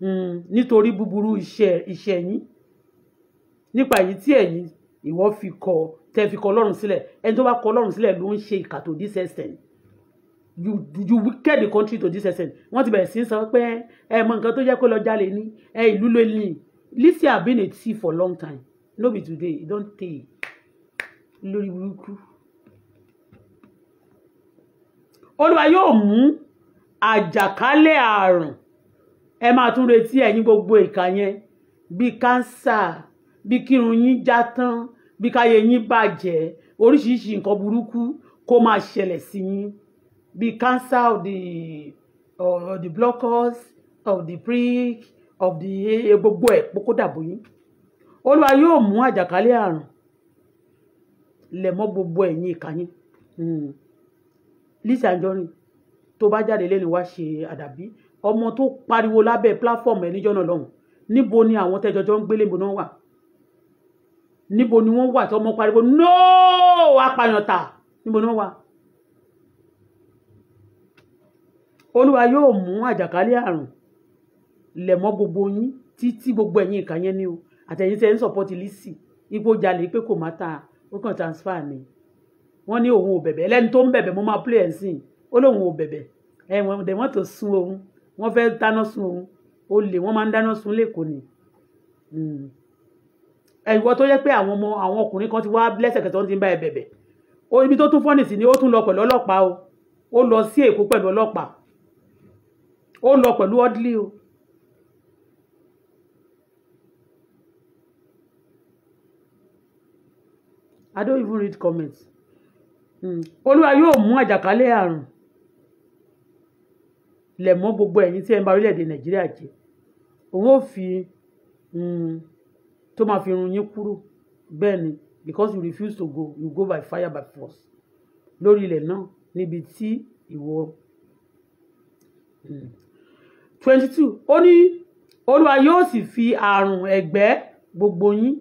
hmm, nítorí búburú iṣẹ́ yín nípa èyí tí ẹ̀yin ìwọ fi kọ tẹ fi kọ ọlọ́run sílẹ̀ ẹni tó bá kọ ọlọ́run sílẹ̀ ló ń ṣe ìkà tó this extent you you wicked the country to this extent wọ́n ti bẹ̀rẹ̀ sí sọ pé ẹ mọ nǹkan tó jẹ́ kó lọ jalè ní ẹ ìlú ló ní Lizzy have been a thief for long time no be today e don tey lórí burúkú olúwa yóò mú àjàkálẹ̀ àrùn ẹ máa tún retí ẹ̀yin gbogbo ìka yẹn bí kánsà bí kírun yín já tán bí káyé yín bàjẹ́ oríṣiríṣi nǹkan burúkú kó máa ṣẹlẹ̀ sí yín bí cancer of the of the blockers of the prick of the gbogbo ẹ̀ pé kó dàbò yín olúwa yóò mú àjàkálẹ̀ àrùn lẹ̀ mọ́ gbogbo ẹ̀yìn ìka yín hmm. Lizzy Anjorin tó bá jáde lẹ́nu wá ṣe àdàbí ọmọ tó pariwo lábẹ́ pláfọ́ọ̀mù ẹ̀ níjọ́ náà lọ́hùn níbo ni àwọn tẹ́jọ́jọ́ ń gbélé níbo náà wà níbo ni wọ́n wà tí ọmọ pariwo nóò apààyàn tà níbo ni wọ́n wà. olúwa yóò mú àjàkálẹ̀ àrùn lẹ̀ mọ́ gbogbo yín títí gbogbo ẹ̀yin ìka yẹn ni o àtẹ̀yìn tẹ̀ ń sọ̀pọ̀tì lìsì ipò jalè pé kò má ta ó kàn transfer ni wọ́n ní òun ò bẹ̀bẹ̀ ẹlẹ́ni tó ń bẹ̀bẹ̀ mo máa play ẹ̀ sìn ó lóun ò bẹ̀bẹ̀ ẹ̀ wọ́n dẹ̀ wọ́n tó sun òun wọ́n fẹ́ dáná sun òun ó lè wọ́n máa ń dáná sun lẹ́kọ̀ọ́ ni. Hmm ìwọ tó yẹ pé àwọn ọmọ àwọn ọkùnrin kan ti wá lẹ́sẹ̀kẹsẹ̀ wọ́n ti ń bá ẹ bẹ̀bẹ̀ o ibi tó tún fọ́nì sí ni ó tún lọ pẹ̀lú ọlọ́pàá o ó lọ sí Èkó pẹ̀lú ọlọ́pàá ó lọ pẹ̀lú ọdílé o. I don't even read comments. Hmm. Olúwa yóò mú àjàkálẹ̀ àrùn lẹ̀ mọ́ gbogbo ẹ̀yin tí ẹ ń ba orílẹ̀-èdè Nàìjíríà jẹ́ òun ó fi. Mm, tó máa fi run yín kúrò bẹ́ẹ̀ ni because you refuse to go you go by fire by force lórí ilẹ̀ náà níbi tí ìwọ hmm. twenty two ó ní olúwa yóò sì fi àrùn ẹ̀gbẹ́ gbogbo yín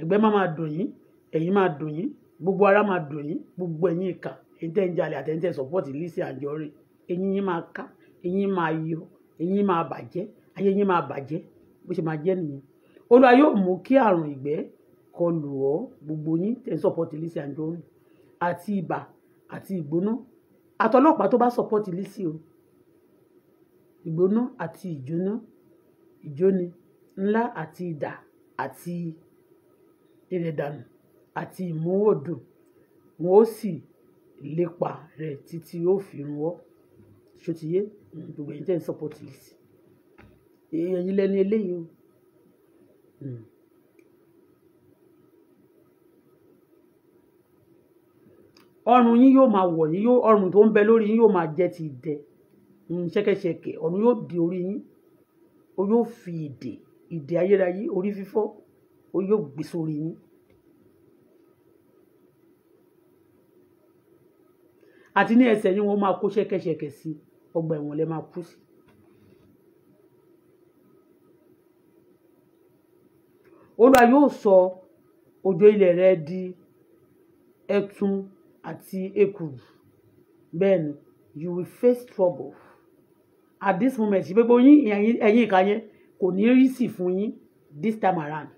ẹ̀gbẹ́ máa máa dùn yín ẹ̀yìn máa dùn yín gbogbo ara máa dùn yín gbogbo ẹ̀yìn ìka ẹ̀yìn tẹ́ ń jalè àtẹ̀yìn tẹ́ ń sọ́pọ́ọ̀tì Lizzy Anjorin ẹ̀yìn yín máa ká ẹ̀yìn máa yọ ẹ̀yìn máa bàjẹ́ ayé yín máa bàjẹ́ bó ṣe máa jẹ́ nìyẹn olúwa yóò mú kí àrùn ìgbẹ́ kọlù ọ́ gbogbo yín tẹ̀ ń sọ̀pọ̀tì Lizzy Anjorin àti ibà àti ìgbóná àtọlọ́pàá tó bá sọ̀pọ̀tì Lizzy o ìgbóná àti ìjóná ìjóni ńlá àti idà àti ìrẹ̀dànù àti ìmúwòdùn wọn ó sì lépa rẹ̀ títí ó fi rúwọ́ ṣòtìyé gbogbo ẹ̀yin tẹ́ ń sọ̀pọ̀tì Lizzy èèyàn yìí lẹ́ni eléyìí o. Mm. ọrùn yín yóò máa wọ̀ yín yóò ọrùn tó ń bẹ lórí yín yóò máa jẹ́ ti dẹ hmm, ṣẹ́kẹ́ṣẹkẹ̀ ọrùn yóò di orí yín o yóò fi ìdè ìdè ayérayé orí fífọ́ o yóò gbé sórí yín. àti ní ẹsẹ̀ yín wọ́n máa kó ṣẹ́kẹ́ṣẹkẹ̀ sí ọgbà ẹ̀wọ̀n lẹ́ máa kú sí. olúwa yóò sọ òjò ilẹ̀ rẹ di ẹ̀tún àti èkùrù bẹ́ẹ̀ ni you will face trouble at this moment gbogbo yín ẹ̀yin ìka yẹn kò ní rí sí fún yín this time around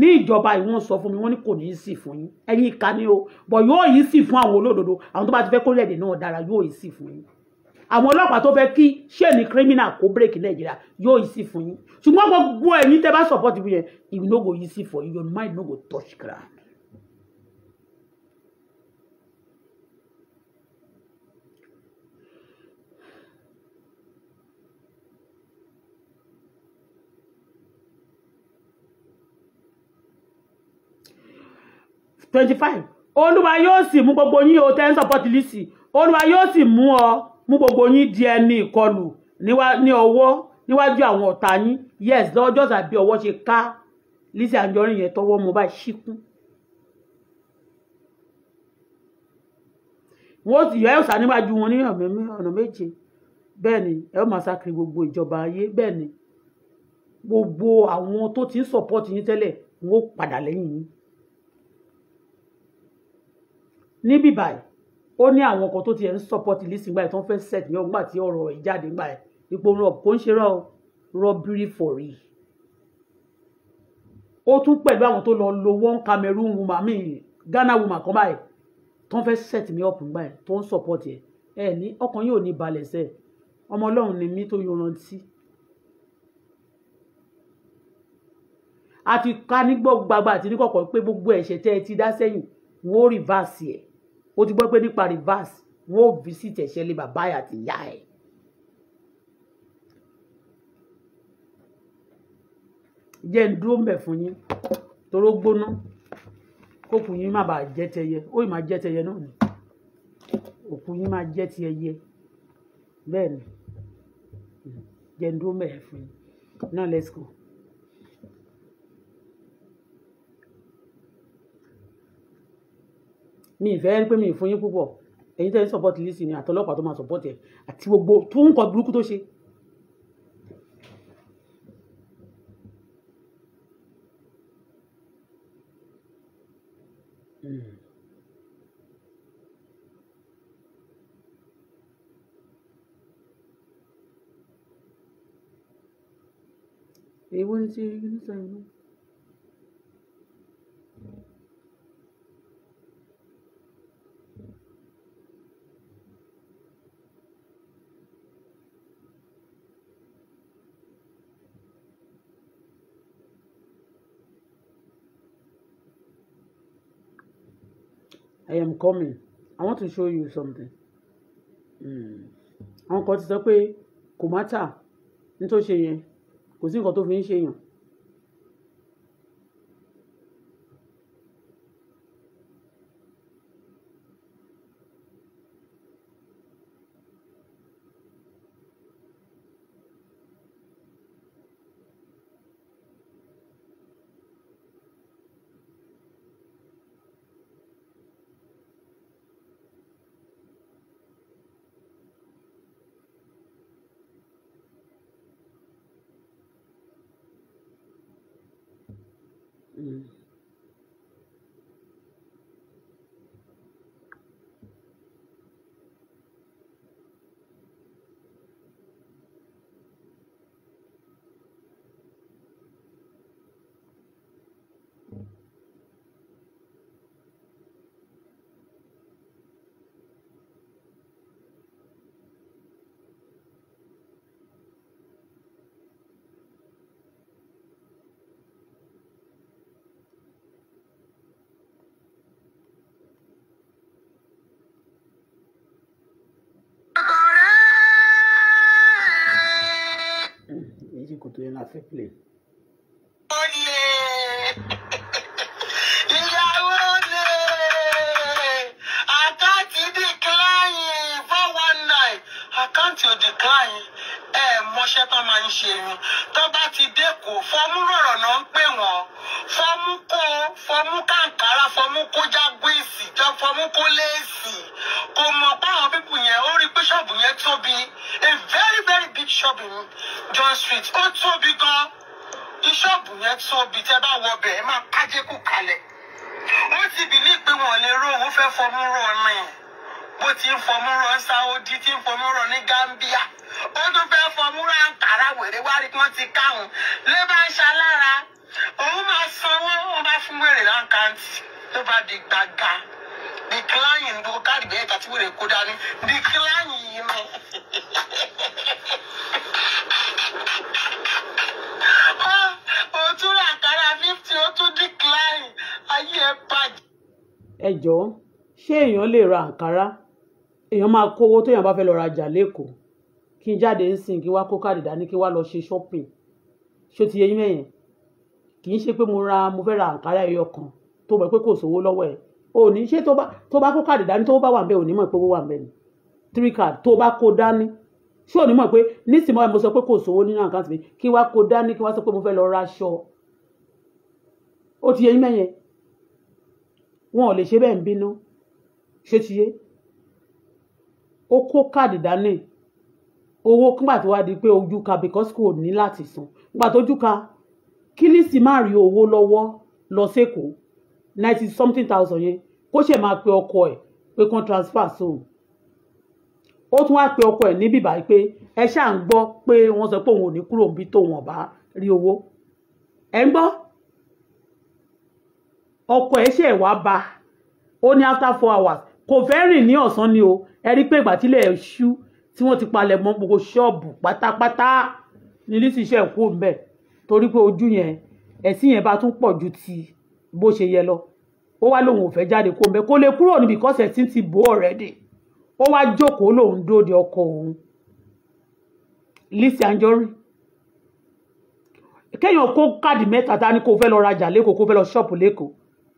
ní ìjọba ìwọ̀n sọ fún mi wọ́n ní kò ní í sì fún yín ẹ̀yin ìka ni o bọ̀ yóò yí sì fún àwọn olódodo àwọn tó bá ti fẹ́ kó lẹ́ẹ̀dẹ̀ náà dára yóò yí sì fún yín àwọn ọlọ́pàá tó fẹ́ kí ṣéènì criminal kó break nàìjíríà yóò yí sí fún yín ṣùgbọ́n gbogbo ẹ̀yin tẹ́ bá support mi yẹn you no go yí sí for you your mind no go touch ground. twenty five olúwa yóò sì mú gbogbo yín o ten support lisi olúwa yóò sì mú ọ mú gbogbo yín di ẹni ìkọlù ní ọwọ́ níwájú àwọn ọ̀tá yín yes lọ́jọ́ tàbí ọwọ́ ṣe ká Lizzy Anjorin yẹn tọwọ́ mo bá ṣíkún. wọ́n ti yọ ẹ̀sà níwájú wọn ní ọ̀nà méje bẹ́ẹ̀ ni ẹ̀ máa ṣàkiri gbogbo ìjọba ayé bẹ́ẹ̀ ni gbogbo àwọn tó ti ń support yín tẹ́lẹ̀ wọ́n padà lẹ́yìn yín. níbí báyìí ó ní àwọn kan tó tiẹ̀ ń support Lizzy gbà tó ń fẹ́ set ní ọgbà tí ọ̀rọ̀ ẹ̀ jáde gbà ẹ̀ ipò rọ̀ kó ń ṣe rọ̀ rọ́bìrì fọ̀rí ó tún pẹ̀lú àwọn tó lọ lo one Cameroon woman mi Ghana woman kan báyìí tó ń fẹ́ set me up gbà ẹ̀ tó ń support ẹ̀ ẹ̀ ní ọkàn yóò ní balẹ̀ sẹ́ẹ̀ ọmọ ọlọ́run ni mí tó yọrantí àti ká nígbọ́ gbagba àti níkọ̀kọ̀ pé gbogbo ẹ̀ṣẹ̀ tẹ́ ẹ ti dá sẹ́yìn wọ́n rìvásì ẹ̀ ó ti gbọ́ pé nípa reverse wọ́n ò visit ẹ̀ṣẹ́ lé bàbá ẹ̀ àti ìyá ẹ̀. jẹ́ ń dúró mbẹ̀ fún yín toró gbóná kókùn yín má bàa jẹ́ tẹyẹ ó ì máa jẹ́ tẹyẹ náà ni òkun yín máa jẹ́ ti ẹyẹ bẹ́ẹ̀ ni jẹ́ ń dúró mbẹ̀ fún yín now let's go. mi ìfẹ́ rí pé mi ìfún yín púpọ̀ ẹ̀yin tẹ́ ń support Lizzy ni àtọlọ́pàá tó máa support ẹ̀ àti gbogbo tó ń kọ burúkú tó ṣe. Hmm. èwo ni ti rí nísàlẹ̀ náà. I am coming I want to show you something hmm. àwọn kan ti sọ pé kò má tà ní tó ṣe yẹn kò sí nǹkan tó fi ń ṣèyàn Mm. enquanto eu nasci é play sóbì tẹ́ bá wọ bẹ̀ ẹ máa kájẹ́kù kalẹ̀ wọ́n ti bìlí pé wọ́n lè ró òun fẹ́ fọmú rọ ní bó ti ń fọmú rọ Saudi ti ń fọmú rọ ní Gambia ó tún fẹ́ fọmú rọ Ankara wèrè wá rí wọ́n ti káwọn lè bá ń ṣalára òun máa sanwó wọn bá fún wèrè láǹkáǹtì ló bá di gbàgà decline gbogbo káàdì bẹ́ẹ̀ tàbí wèrè kó dání decline yìí mọ́. ẹ jọ̀ọ́ ṣé èèyàn lè ra àǹkárá èèyàn máa kówó téèyàn bá fẹ́ lọ rajà lẹ́kọ̀ọ́ kí n jáde ń sìn kí wá kó káàdì dání kí wá lọ ṣe shopping ṣó ti yẹ yín mẹ́yìn kì í ṣe pé mo ra mo fẹ́ ra àǹkárá ẹyọ kan tó mọ̀ pé kò sówó lọ́wọ́ ẹ̀ ò ní ṣe tó bá kó káàdì dání tó bá wà ń bẹ̀ ò ní mọ̀ pé owó wà ń bẹ̀ ni three card tó bá kó dání ṣé ò ní mọ̀ pé nísìmọ́ mo sọ pé kò sówó nínú àkáǹtì mi kí wá kó dání kí wá sọ pé mo fẹ́ lọ ra aṣọ ó ti yẹ mẹ́yìn wọn ò lè ṣe bẹ́ẹ̀ ń bínú ṣé ti yé ó kó káàdì dání owó nígbà tó wá di pé ojú ka because kò ní láti san nígbà tó ojú ka kí má rí owó lọ́wọ́ lọ sẹ́kọ̀ọ́ ninety something thousand yẹn kó ṣe máa pe ọkọ ẹ̀ pé kàn transfer sóun ó tún wá pe ọkọ ẹ̀ níbí báyìí pé ẹ ṣáà ń gbọ́ pé wọ́n sọ pé òun ò ní kúrò níbi tóun ọ̀bá rí owó ẹ̀ ń gbọ́ ọkọ ẹ̀ ṣẹ̀ wá bá ó ní after four hours kò fẹ́ rìn ní ọ̀sán ni o ẹ rí pé ìgbà tílẹ̀ ṣú tí wọ́n ti palẹ̀ mọ́ gbogbo ṣọ́ọ̀bù pátápátá ní lísì iṣẹ́ ìkó mbẹ̀ torí pé ojú yẹn ẹ̀sìn yẹn bá tún pọ̀ ju ti bó ṣe yẹ lọ ó wá lóun ò fẹ́ jáde kó mbẹ̀ kó lè kúrò níbi kọ́sẹ̀ tí ti bò already ó wá jókòó lòun dóde ọkọ òun Lizzy Anjorin kéèyàn kó káàdì mẹ́ta ta ni kó fẹ́ lọ rajà lẹ́kọ̀ọ́ kó fẹ́ lọ ṣọ́ọ̀pù lẹ́kọ̀ọ́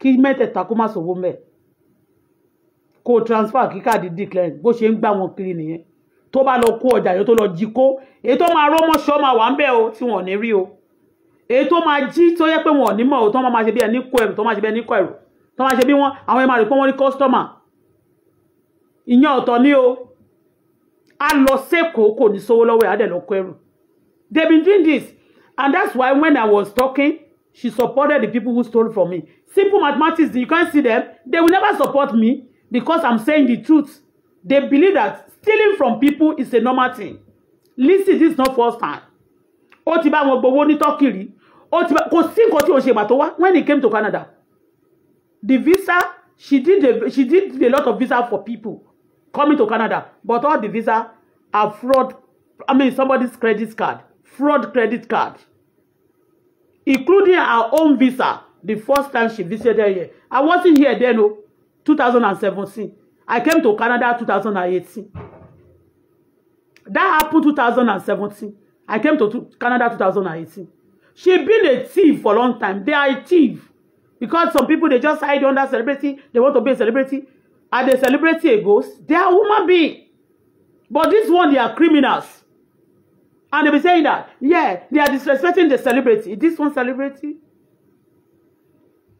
kí mẹ́tẹ̀ẹ̀ta kó má sòwò mẹ́ẹ̀ kó transfer kí káàdì decline bó ṣe ń gbà wọn kiri nìyẹn tó bá lọ kó ọjà yóò tó lọ jí kó èyí tó máa rọ́mọ́ṣọ́ máa wà ń bẹ̀ o tí wọn ní rí o èyí tó máa jí tó yẹ pé wọn ní mọ̀ o tó máa ṣe bí ẹni kó ẹrù tó máa ṣe bí ẹni kó ẹrù tó máa ṣe bí wọn àwọn ẹ̀ máa rí pé wọ́n ní kọ́sítọ́mà ìyẹn ọ̀tọ̀ ni o a lọ sẹ́kọ̀ọ́ kò ní sówó lọ́wọ́ ẹ̀ á dẹ̀ lọ kó ẹrù they been doing this and that's why when I was talking She supported the people who stole from me. Simple mathematics, you can't see them. They will never support me because I'm saying the truth. They believe that stealing from people is a normal thing. Listen, this is not first time. O ti bá wọn gbowó ní Turkey rí. Ó ti bá kò sí nǹkan tí ó ṣe ìgbà tó wá when he came to Canada. The visa, she did the she did a lot of visa for people coming to Canada, but all the visa are fraud. I mean, somebody's credit card, fraud credit card including her own visa the first time she visited here. I wasn't here then, no, 2017. I came to Canada 2018. That happened 2017. I came to Canada 2018. She been a thief for a long time. They are a thief. Because some people, they just hide under celebrity. They want to be a celebrity. Are they celebrity a ghost? They are human being. But this one, they are criminals. And they'll be saying that, yeah, they are disrespecting the celebrity. Is this one celebrity?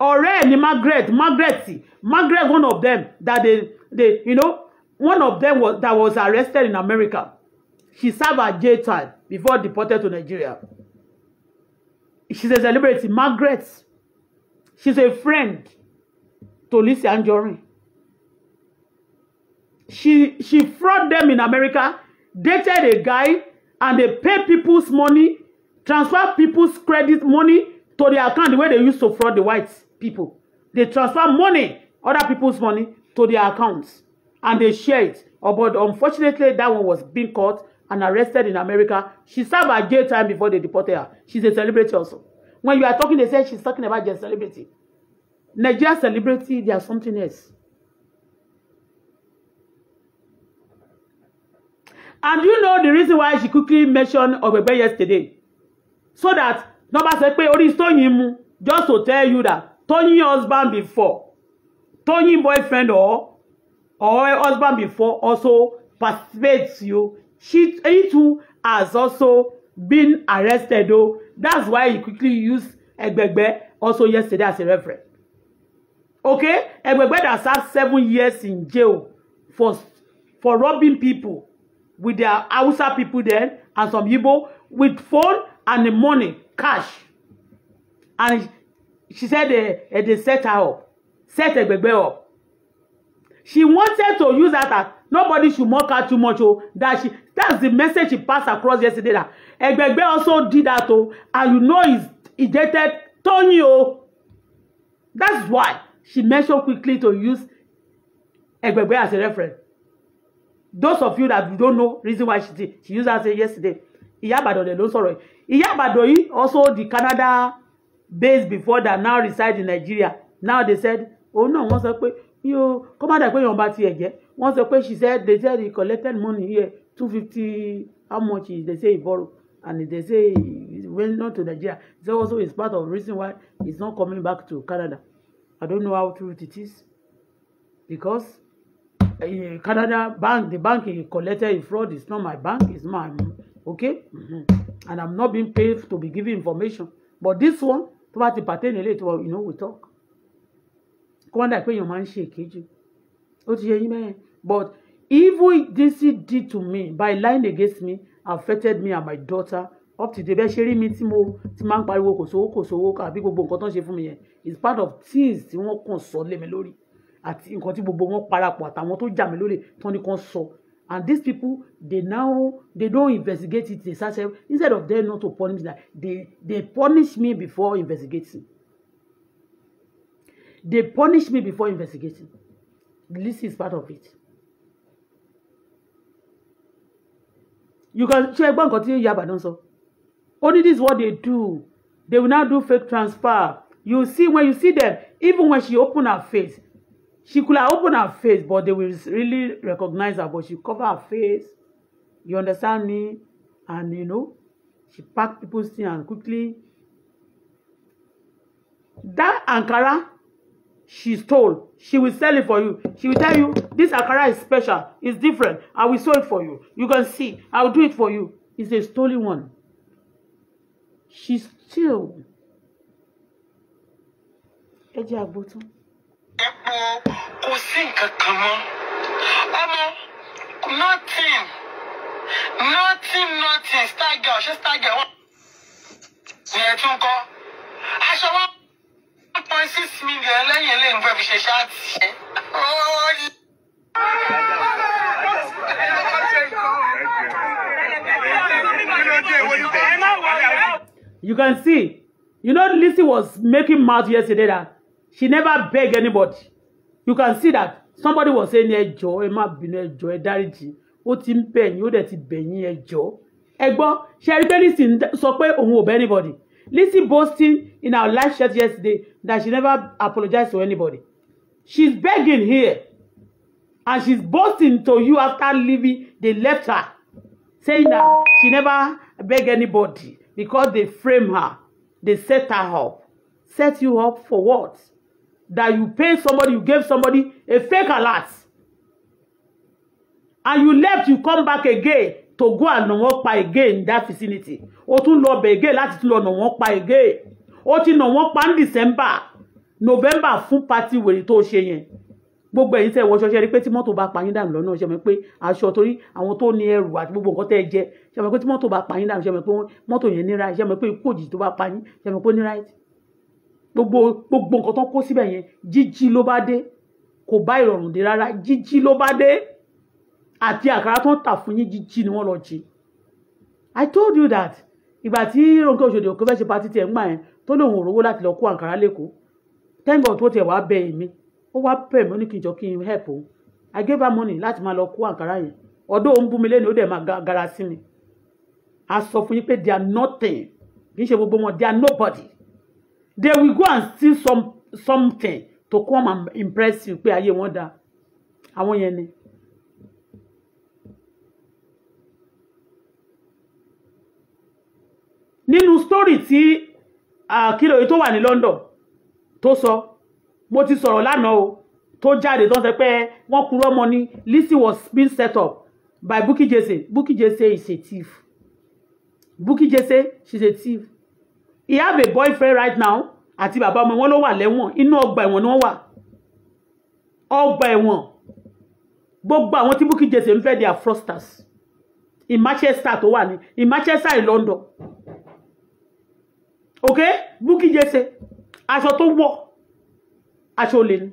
Ọ̀rẹ́ Margaret, Margaret, Margaret, one of them that they, they, you know, one of them was, that was arrested in America. She served her jail time before deported to Nigeria. She's a celebrity, Margaret. She's a friend to and Anjorin. She she fraud them in America, dated a guy and they pay people's money transfer people's credit money to their account the way they used to fraud the white people They transfer money other people's money to their accounts and they share it oh, but unfortunately that one was being caught and arrested in America she served her jail time before they deported her she's a celebrity also when you are talking they say she's talking about just celebrity Nigeria celebrity they are something else and you know the reason why she quickly mentioned Ogbegbe yesterday so that number sọ pé orí Tóyìn mu just to tell you that Tóyìn husband before Tóyìn boyfriend or or husband before also persuades you she he has also been arrested o that's why he quickly used Egbegbe also yesterday as a reference okay Egbegbe that served seven years in jail for for robbing people with their Hausa people there and some Igbo with phone and the money, cash. And she said they, eh, they set her up, set Egbegbe up. She wanted to use that as nobody should mock her too much. Oh, that she that's the message she passed across yesterday. That Egbegbe also did that. Oh, and you know he's he dated Tony. Oh, that's why she mentioned quickly to use Egbegbe as a reference those of you that don't know reason why she did she used that say yesterday ìyá àbàdàn dẹ̀ ló ń sọ̀rọ̀ also the Canada base before that now reside in Nigeria now they said "Oh no, wọ́n sọ you yóò kó má dà pé again." Once jẹ́ wọ́n she said they said he collected money here two fifty how much they say he borrowed, and they say he went not to Nigeria that also is part of the reason why he's not coming back to Canada I don't know how true it is because Canada bank, the bank he collected in fraud is not my bank, it's mine. Okay? Mm-hmm. And I'm not being paid to be giving information. But this one, tó the ti pertain eléyìí you know we talk. Kó wọ́n dà pé èèyàn máa ń ṣe èkejì. But evil this he did to me by lying against me affected me and my daughter up to the bẹ́ẹ̀ ṣe rí mi tí mo ti so ń pariwo kò sówó kò sówó àbí gbogbo nǹkan tó ń part of things tí wọ́n kàn sọ àti nǹkan tí gbogbo wọn parapọ̀ àtàwọn tó jà mí lólè tán ni kan sọ and these people they now they don't investigate it they search instead of them not to punish me they they punish me before investigating they punish me before investigating this is part of it. you can ṣe ẹgbọ́n nǹkan tí Ìyá Ìbàdàn sọ only this is what they do they will now do fake transfer you see when you see them even when she open her face she could have opened her face but they will really recognize her but she cover her face you understand me and you know she pack people's thing and quickly that ankara she stole she will sell it for you she will tell you this ankara is special it's different i will sew it for you you can see i will do it for you it's a stolen one she steal ẹ jẹ́ àgbótán epo kò sí nǹkan kan mọ́ ọmọ nothing nothing nothing star girl ṣé star girl wà ìyẹn tún kọ́ aṣọ wọn one point six million lẹ́yìn ilé ìgbẹ́ fi ṣe ṣáàtì. You can see, you know, Lizzy was making mouth yesterday that she never beg anybody you can see that somebody was saying ẹ jọ̀ọ́ ẹ má bínú ẹ jọ̀ọ́ ẹ dáríjì ó ti ń bẹ̀ yín ó dẹ̀ ti bẹ̀ yín ẹ jọ̀ọ́ ẹ sherry bellisi sọ pé òun ò bẹ̀ anybody Lizzy boasting in our live chat yesterday that she never apologized to anybody she's begging here and she's boasting to you after leaving they left her saying that she never beg anybody because they frame her they set her up set you up for what that you paid somebody, you gave somebody a fake alert. And you left, you come back again to go and nà wọ́n pa again in that vicinity. O tún lọ bẹ̀ again láti tún lọ nà wọ́n pa again. O ti nà wọ́n pa December, November fún party wèrè tó ṣe yẹn. Gbogbo ẹ̀yin tẹ́ wọṣọ ṣe rí pé tí mọ́tò bá pa yín Lo lọ́nà ṣe mọ̀ pé aṣọ torí àwọn tó ní ẹrù àti gbogbo nǹkan tẹ́ ẹ jẹ ṣe mọ̀ pé tí mọ́tò bá pa yín dànù ṣe mọ̀ pé mọ́tò yẹn ní right ṣe mọ̀ pé ikú òjijì tó bá pa yín ṣe mọ̀ pé ó right gbogbo gbogbo nǹkan tó kó síbẹ̀ yẹn jíjí ló bá dé kò bá ìrọ̀rùn dé rárá jíjí ló bá dé àti àkàrà tó ń tà fún yín jíjí ni wọ́n lọ jí i told you that ìgbà tí Ronke Oṣòdì Òkè fẹ́ ṣe patí tiẹ̀ ńgbà yẹn tó lóun ò rówó láti lọ kó àǹkárá lẹ́kọ̀ọ́ thank God tó tiẹ̀ wá bẹ èmi ó wá bẹ̀ mí ó ní kí n help òun i gave her money láti máa lọ kó àǹkárá yẹn ọ̀dọ̀ òun bú mi lẹ́nu ó dẹ̀ máa gara sí mi a sọ fún yín pé they are nothing kì í ṣe gbogbo wọn they are nobody they will go and see some something to come and impress you pé ayé wọn dáa àwọn yẹn ni. nínú story tí àkìlòyìn tó wà ní London tó sọ mo ti sọ̀rọ̀ lánàá o tó jáde tó ń sọ pé wọ́n kúrò ni Lizzy was being set up by Buki Jesse Buki Jesse is a thief Bukky Jesse she a thief he have a boyfriend right now àti bàbá ọmọ wọn ló wà lẹ́wọ̀n inú ọgbà ẹ̀wọ̀n ni wọ́n wà ọgbà ẹ̀wọ̀n gbogbo àwọn tí Bukky Jesse ń fẹ́ they are fraudsters in Manchester tó wà ní in Manchester in London ok Bukky Jesse aṣọ tó wọ̀ aṣọ olè ni.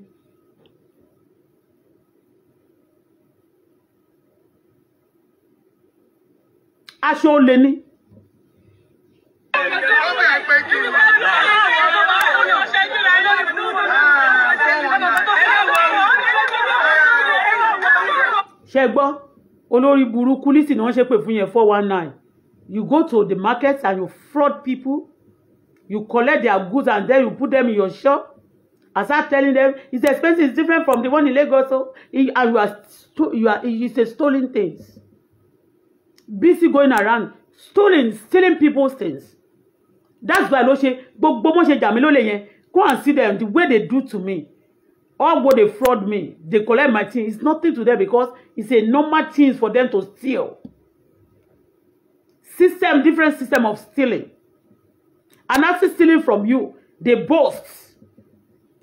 aṣọ olè ni ṣe gbọ́ olórí burúkú lísì ni wọ́n ṣe pè fún yẹn four one nine you go to the market and you fraud people you collect their goods and then you put them in your shop I start telling them his expense is different from the one in Lagos so oh. and you are you are you say stolen things busy going around stealing stealing people's things that's why ló ṣe gbogbo bó ṣe jà mí lólè yẹn go and see them the way they do to me all go dey fraud me dey collect my thing it's nothing to them because it's a normal thing for them to steal system different system of stealing and after stealing from you they boast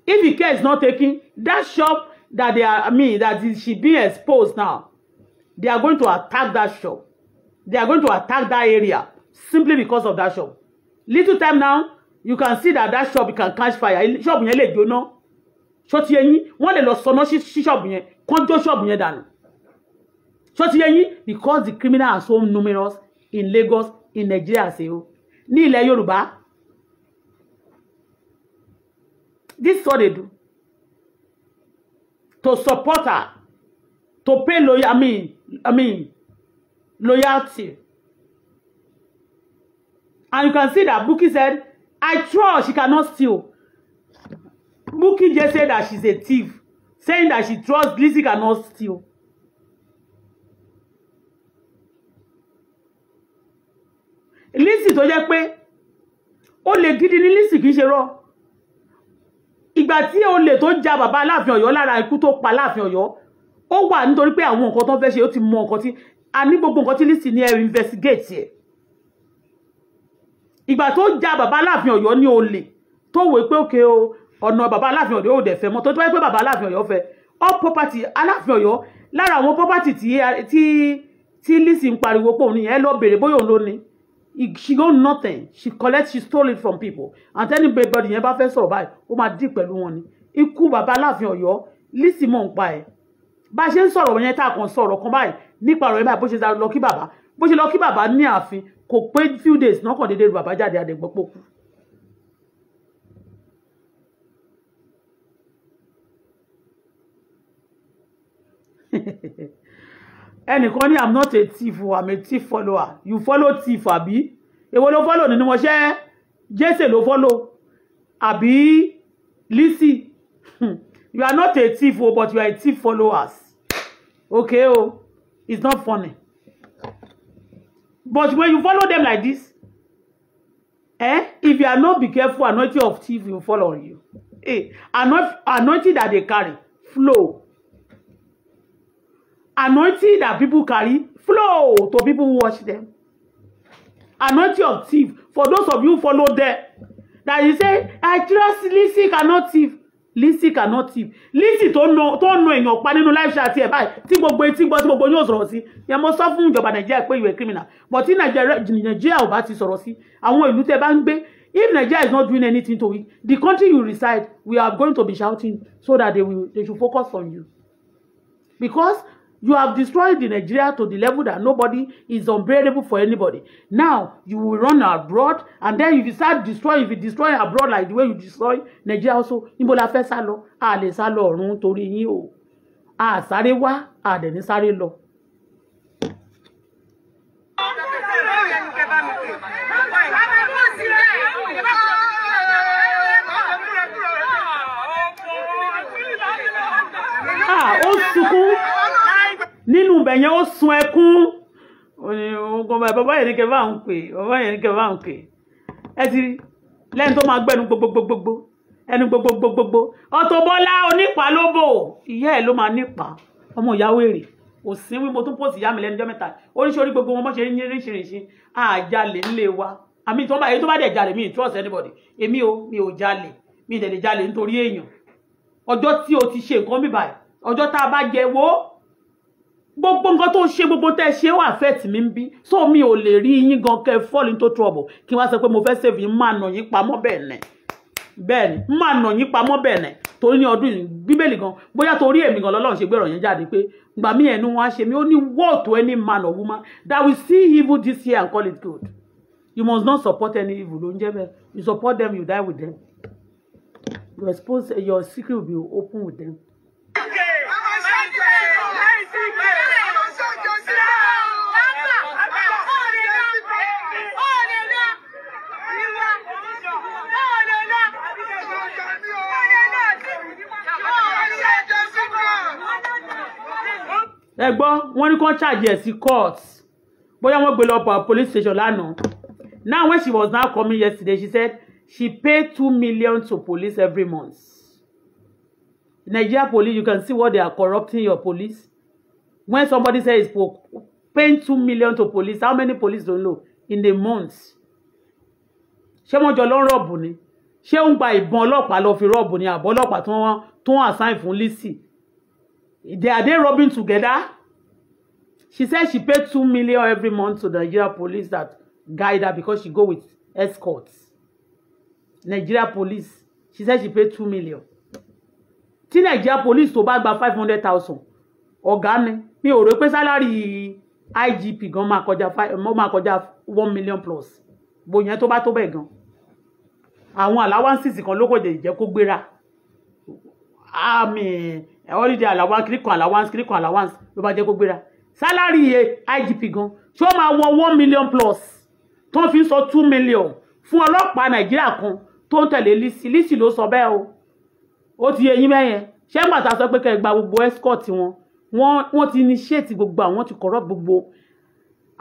if the care is not taking that shop that they are i mean that is, she being exposed now they are going to attack that shop they are going to attack that area simply because of that shop little time now you can see that that shop can catch fire shop yẹn lè jóná ṣó ti yẹn wọ́n lè lọ sọná sí shop yẹn kán jó shop yẹn dànù ṣó ti yẹn because the criminal are so numerous in Lagos in Nigeria ṣe o ní ilẹ̀ Yorùbá this what they do to support her to pay loyal i mean i mean loyalty And you can see that Bukky said, I trust she cannot steal. Bukky just said that she's a thief, saying that she trusts Lizzie cannot steal. Lizzy tó jẹ́ pé ó lè gidi ní Lizzy kì í ṣe rọ́. Ìgbà tí olè tó ja bàbá Aláàfin Ọ̀yọ́ lára ikú to pa Aláàfin Ọ̀yọ́, ó wà nítorí pé àwọn nǹkan tó fẹ́ ṣe ó ti mọ nǹkan tí a ní gbogbo nǹkan tí Lizzy ní ẹ investigate ẹ̀ ìgbà tó ja bàbá aláàfin Ọ̀yọ́ ní olè tó wòó pé òkè o ọ̀nà bàbá aláàfin Ọ̀yọ́ ò dẹ̀ fẹ́ mọ́ tó tó wáyé pé bàbá aláàfin Ọ̀yọ́ fẹ́ all property aláàfin Ọ̀yọ́ lára àwọn property tí tí tí Lizzy ń pariwo pé òun nìyẹn ẹ lọ bèrè bóyá òun ló ní she go nothing she collect she stole it from people and anybody yẹn bá fẹ́ sọ̀rọ̀ báyìí ó máa dì pẹ̀lú wọn ni ikú bàbá aláàfin Ọ̀yọ́ Lizzy mọ̀ ń pa ẹ̀ bá a ṣe ń sọ̀rọ̀ yẹn tá a kàn sọ̀rọ̀ kan báyìí nípa ọ̀rọ̀ yẹn báyìí bó ṣe lọ kí bàbá bó ṣe lọ kí bàbá ní ààfin kò pé few days náà kàn déédéé lu bàbá jáde àdègbọ́n pòkú. ẹnìkan ní i'm not a thief o i'm a thief follower you follow thief àbí èwo ló follow nínú wọn ṣé jésè ló follow àbí lisi you are not a thief o but you are a thief followers okay o it's not funny. But when you follow them like this, eh, if you are not be careful, anointing of thief will follow you. Eh, anointing that they carry, flow. Anointing that people carry, flow to people who watch them. Anointing of thief, for those of you who follow them, that you say, I trust Lizzy cannot thief. Lisi cannot tip Lizzy tó na èèyàn pa nínú láìsí àti ẹ̀ báyìí tí gbogbo etí gbọ́ tí gbogbo yóò sọ̀rọ̀ sí yẹn mo sọ fún ìjọba nàìjíríà you are criminal but tí Nigeria, ò bá ti sọ̀rọ̀ sí àwọn ìlú tẹ́ bá ń if nigeria is not doing anything to it the country you reside we are going to be shouting so that they will they should focus on you because You have destroyed the Nigeria to the level that nobody is unbearable for anybody. Now you will run abroad and then if you start destroying, if you destroy abroad like the way you destroy Nigeria also, níbo la fẹ́ sá lọ? A lè sá lọ ọ̀run torí yín o. A sáré wá, a dẹ̀ ní sáré nínú ibẹ̀ yẹn ó sun ẹkún ó ní ogun báyìí bàbá yẹn ní kẹfà ń pè bàbá yẹn ní kẹfà ń pè ẹ ti rí lẹ́yìn tó máa gbẹ́nu gbogbogbogbo ẹnu gbogbogbogbo Auto Bola ìyá ẹ̀ ló máa nípàá ọmọ ìyàwó èrè òsín wí mo tún pòsì yá mi lẹ́nu jọ́ mẹ́ta oríṣiríṣi gbogbo wọn bọ́ ṣe ní ríṣiríṣi àjálè ńlé wa àmì tó bá èyí tó bá dẹ̀ jalè mi ì trust anybody èmi o mi ò jalè mi ì tẹ̀lé jalè nítorí èèyàn ọjọ́ tí o ti ṣe nǹkan mi ọjọ́ tá a bá jẹ wo gbogbo nǹkan tó ṣe gbogbo tẹ́ ṣe wà affect mi ń bí so mi ò lè rí yín gan kẹ́ fall into trouble kí wọ́n sọ pé mo fẹ́ save yín máa nà yín pamọ́ bẹ́ẹ̀ nẹ̀ bẹ́ẹ̀ ni máa nà yín pamọ́ bẹ́ẹ̀ nẹ̀ torí ní ọdún bíbélì gan bóyá torí èmi gan lọ́lọ́run ṣe gbé ọ̀rọ̀ yẹn jáde pé gbà mí ẹnu wọn á ṣe mí ó ní word to any man or woman that will see evil this year and call it good you must not support any evil ló ń jẹ́ bẹ́ẹ̀ you support them you die with them your response your secret will be open with them ẹ gbọ́ wọ́n ní kán charge ẹ̀ sí court bóyá wọ́n gbé lọ pa police station lánàá now when she was now coming yesterday she said she pay two million to police every month Nigeria police you can see what they are corrupting your police when somebody say he's paying two million to police how many police don't know in a month ṣé wọ́n jọ lọ ń rọ̀bù ni ṣé ń gba ìbọn ọlọ́pàá lọ fi rọ̀bù ni àbọ̀ ọlọ́pàá tí wọ́n tó ń assign fún Lizzy they are they rubbing together she said she pay two million every month to the Nigeria police that guide her because she go with escorts Nigeria police she said she pay two million tí Nigeria police tó bá gba five hundred thousand ọ̀gá mi mi ò rò pé sálárì IGP gan máa kọjá máa kọjá one million plus bóyá tó bá tó bẹ́ẹ̀ gan àwọn allowances kan lókòdè ìjẹ́ kó gbéra àmì holiday allowance kiri kan allowance kiri kan allowance ló bá jẹ́ kó gbéra sálárì iye IGP gan ṣé ó máa wọ one million plus tó ń fi sọ two million fún ọlọ́pàá Nàìjíríà kan tó ń tẹ̀lé Lizzy Lizzy ló sọ bẹ́ẹ̀ o ó ti yẹ yín mẹ́yẹn ṣé màtá sọ pé kẹ́ gba gbogbo escort wọn wọ́n ti ní ṣéètì gbogbo àwọn ti kọ̀rọ̀ gbogbo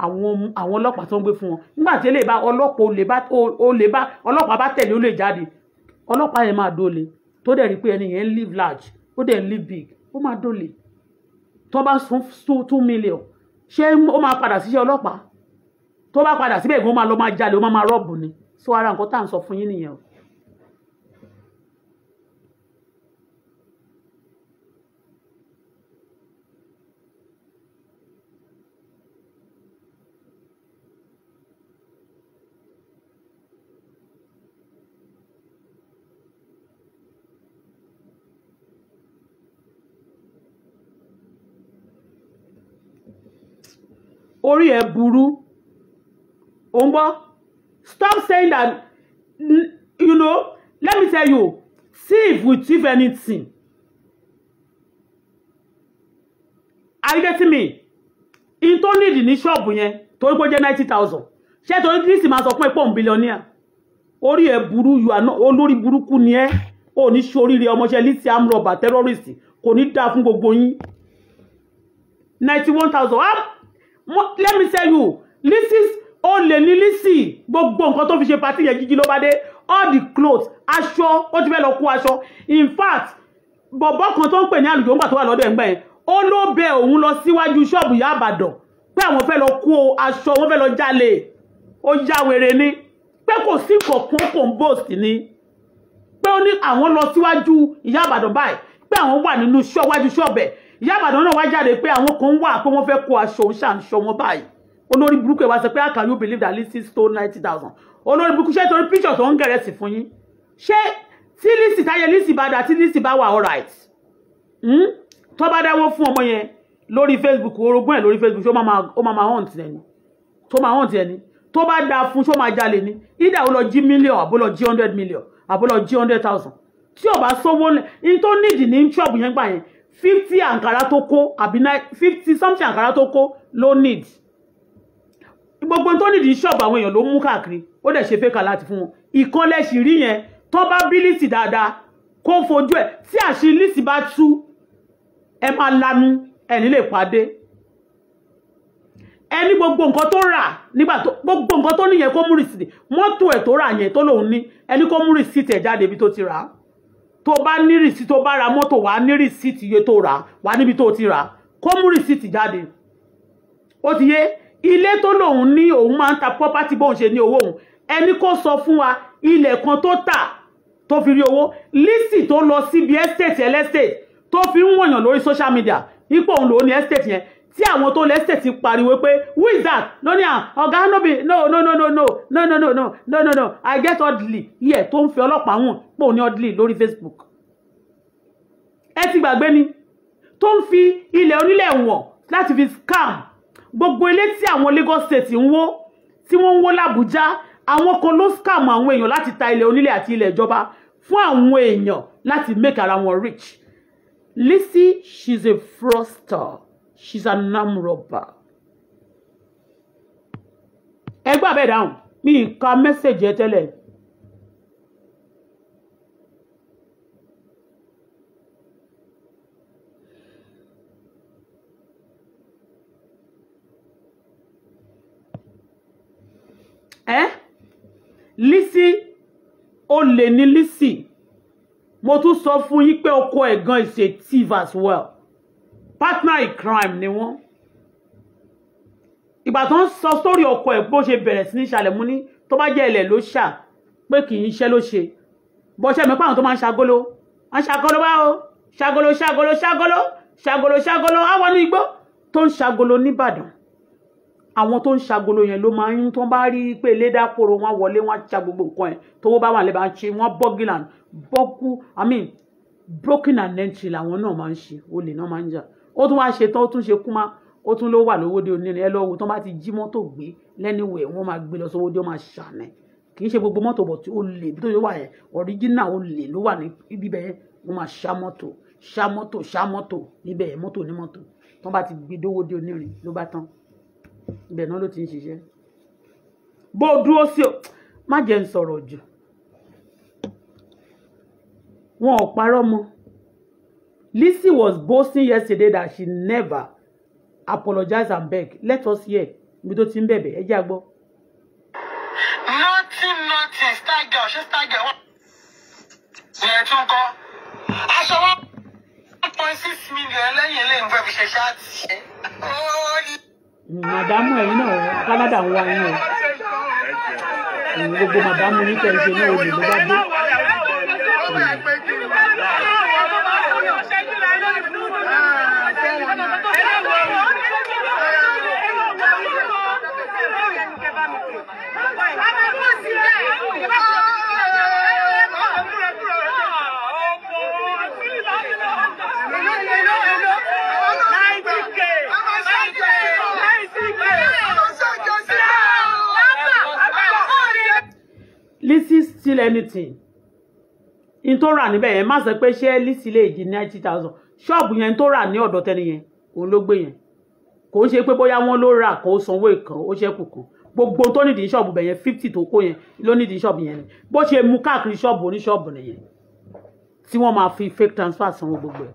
àwọn àwọn ọlọ́pàá tó ń gbé fún wọn nígbà tí eléyìí bá ọlọ́pàá olè bá olè bá ọlọ́pàá bá tẹ̀lé ó lè jáde ọlọ́pàá yẹn máa dole tó dẹ̀ rí pé ẹni yẹn live large ó dẹ̀ live big ó máa dólè tó bá sún two million ṣé ó máa padà síṣẹ́ ọlọ́pàá tó bá padà síbẹ̀ gan ó máa lọ máa jalè ó máa máa rọ́ọ̀bù ni so ara nǹkan tá à ń sọ fún yín nìyẹn o orí ẹ̀ burú ò ń gbọ́ stop saying that you know let me tell you see if we achieve anything are you getting me in tó nídìí ní ṣọ́ọ̀bù yẹn torí pé ó jẹ́ ninety thousand ṣé torí kí sì máa sọ fún ẹ pé òun billionaire orí ẹ burú you are not olórí burúkú ni ẹ ò ní ṣoríire ọmọọṣẹ́ lithium rubber terrorist kò ní dáa fún gbogbo yín ninety one thousand let me tell you Lizzy ó lè ní Lizzy gbogbo nǹkan tó fi ṣe pàtí yẹn jíjí ló bá dé all the clothes aṣọ ó ti fẹ́ lọ kó aṣọ in fact bọ̀bọ̀ kan tó ń pè ní àlùjọ ńgbà tó wà lọ́dọ̀ ẹ̀gbẹ́ yẹn ó ló bẹ òun lọ síwájú ṣọ́ọ̀bù ìyá àbàdàn pé àwọn fẹ́ lọ kó aṣọ wọn fẹ́ lọ jalè ó ya wèrè ni pé kò sí kọ̀ọ̀kan compost ni pé ó ní àwọn lọ síwájú ìyá àbàdàn báyìí pé àwọn wà nínú ṣọ́ọ̀wájú ṣọ́ọ̀bẹ̀ ìyá àbàdàn náà wá jáde pé àwọn kan wà pé wọ́n fẹ́ kó aṣọ ṣàǹṣọ wọn báyìí olórí burúkú ẹ̀ wá sọ pé how can you believe that Lizzy stole ninety thousand olórí burúkú ṣé torí picture tó ń gẹ̀rẹ́ sí fún yín ṣé tí Lizzy táyé Lizzy bá dà tí Lizzy bá wà alright hmm? tó bá dáwọ́ fún ọmọ yẹn lórí Facebook orogún ẹ̀ lórí Facebook ó máa máa hunt ẹni tó máa hunt ẹni tó bá dáa fún ṣó máa jalè ni ìdá ó lọ jí mílíọ̀n àbó lọ jí hundred million àbó lọ jí hundred thousand tí ó bá sówó ní tó nídìí ní ṣọ́ọ̀bù yẹn gbà yẹn fifty àǹkárá tó kó àbí fifty something àǹkárá tó kó ló need gbogbo tó nídìí ṣọ́ọ̀bù àwọn èèyàn ló mú káàkiri ó dẹ̀ ṣe fẹ́ka láti fún wọn ìkọ́lẹ́sì rí yẹn tó bá bílíìsì dáadáa kó fojú ẹ̀ tí àṣírí líìsì bá tú ẹ máa lanu ẹni lè pàdé ẹni gbogbo nǹkan tó rà nígbà tó gbogbo nǹkan tó níyẹn kó mú rìsìtì mọ́tò ẹ̀ tó rà yẹn tó lòun ní ẹni kó mú rìsìtì ẹ̀ jáde ibi tó ti rà á tó bá ní rìsíìtì tó bá ra mọ́tò wà á ní rìsíìtì iye tó rà wà níbi tó ti rà kó mú rìsíìtì jáde ó ti yé ilé tó lòun ní òun máa ń ta property bóun ṣe ní owó òun ẹni kó sọ fún wa ilẹ̀ kan tó tà tó fi rí owó lísì tó lọ síbi estate ẹlẹ́state tó fi ń wọ̀nyàn lórí social media ipò òun lòun ní estate yẹn tí àwọn tó lẹ́sẹ̀ ti pariwo pé wizard ló à ah, ọ̀gá no no no no no no no no no no no no i get oddly yẹ tó ń fi ọlọ́pàá hàn pò ní oddly lórí facebook ẹ ti gbàgbé ni tó ń fi ilẹ̀ onílẹ̀ wọ̀ láti fi scam gbogbo ilé tí àwọn lagos state ń wó tí wọ́n ń wó làbújá àwọn kan ló scam àwọn èèyàn láti ta ilẹ̀ onílẹ̀ àti ilẹ̀ ìjọba fún àwọn èèyàn láti make ara wọn rich Lizzy she's a froster. she's an arm robber ẹ gbọ́ abẹ́ dáhùn mi ì ka mẹ́sẹ̀jì ẹ tẹ́lẹ̀ ẹ Lizzy olè ní Lizzy mo tún sọ fún yín pé ọkọ ẹ̀ gan is a thief as well partner in crime ni wọ́n ìgbà tó ń sọ sórí ọkọ ẹ̀ bó ṣe bẹ̀rẹ̀ sí ní ṣàlẹ̀ mú ní tó bá jẹ́ ilẹ̀ ló ṣà pé kì í ṣe ló ṣe bọ́ṣẹ́ mi pàwọn tó máa ń ṣagolo wọ́n ṣagolo báwo ṣagolo ṣagolo ṣagolo ṣagolo ṣagolo àwọn ní igbó tó ń ṣagolo nìbàdàn àwọn tó ń ṣagolo yẹn ló máa ń tó bá rí pé lédà kóró wọn wọlé wọn ṣa gbogbo nǹkan ẹ tówó bá wà lẹ́bàá ṣe wọn bọ́gìlàn bọ́kú i mean broken and entry làwọn náà máa ń ṣe olè náà máa ń jà ó tún wá ṣe tán ó tún ṣe kú máa ó tún ló wà lówódé onírin ẹ lọ́wọ́ tó bá ti jí mọ́tò gbé lẹ́niwẹ̀ wọ́n máa gbé lọ sówódé wọ́n máa ṣàánẹ́ kì í ṣe gbogbo mọ́tò bọ̀ tí ó lè bí tó yẹ wà yẹn ọ̀ríjínà ó lè ló wà ní bíbẹ̀ yẹn wọ́n máa ṣá mọ́tò ṣá mọ́tò ṣá mọ́tò níbẹ̀ yẹn mọ́tò ní mọ́tò tó bá ti gbé dówódé onírin ló bá tán ibẹ̀ náà ló ti ń ṣiṣẹ́ bó dúró sí o má jẹ́ ń sọ̀rọ̀ jù wọn ò parọ́ mọ́ Lizzy was boasting yesterday that she never apologize and beg let us hear ibi tó ti ń bẹ̀bẹ̀ ẹ jẹ́ àgbọ́. nothing nothing star girl ṣé star girl wọ́n yẹn tún kọ́ aṣọ wọn one point six million lẹ́yìn ilé ìwé fi ṣe ṣáàtì. màdámù ẹ̀yin náà Canada ń wá yín o gbogbo màdámù yín tẹ̀ ń ṣe náà olè ló bá Lizzy still anything in tó rà níbẹ̀ yẹn má sọ pé ṣé Lizzy lè di ninety thousand ṣọ́ọ̀bù yẹn tó rà ní ọ̀dọ̀ tẹ́ni yẹn òun ló gbé yẹn kò ń ṣe pé bóyá wọ́n ló rà kó sanwó ìkan ó ṣẹ́kù kan gbogbo tó nídìí ṣọ́ọ̀bù bẹ̀ yẹn fifty tó kó yẹn ló nídìí ṣọ́ọ̀bù yẹn bó ṣe mú káàkiri ṣọ́ọ̀bù oníṣọ́ọ̀bù nìyẹn tí wọ́n máa fi fake transfer sanwó gbogbo ẹ̀.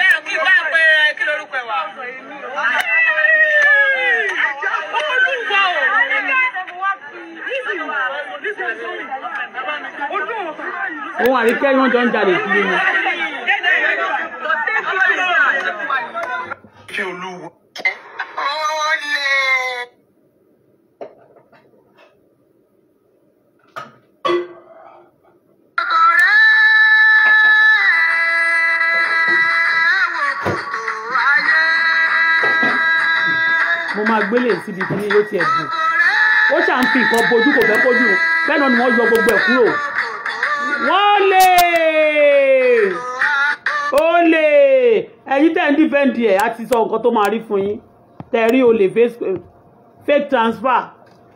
òun àríkẹ́ wọn jọ ń jalè sílé ni. mo máa gbélé síbi tí yóò ti ẹ̀dùn ó ṣà ń bojú kò fẹ́ kójú fẹ́ràn ni wọ́n yọ gbogbo ẹ̀ kúrò wọ́n ẹ̀yin tẹ́ ń dífẹ́ǹdì ẹ̀ á ti sọ nǹkan tó máa rí fún yín tẹ́ rí olè eh, fake transfer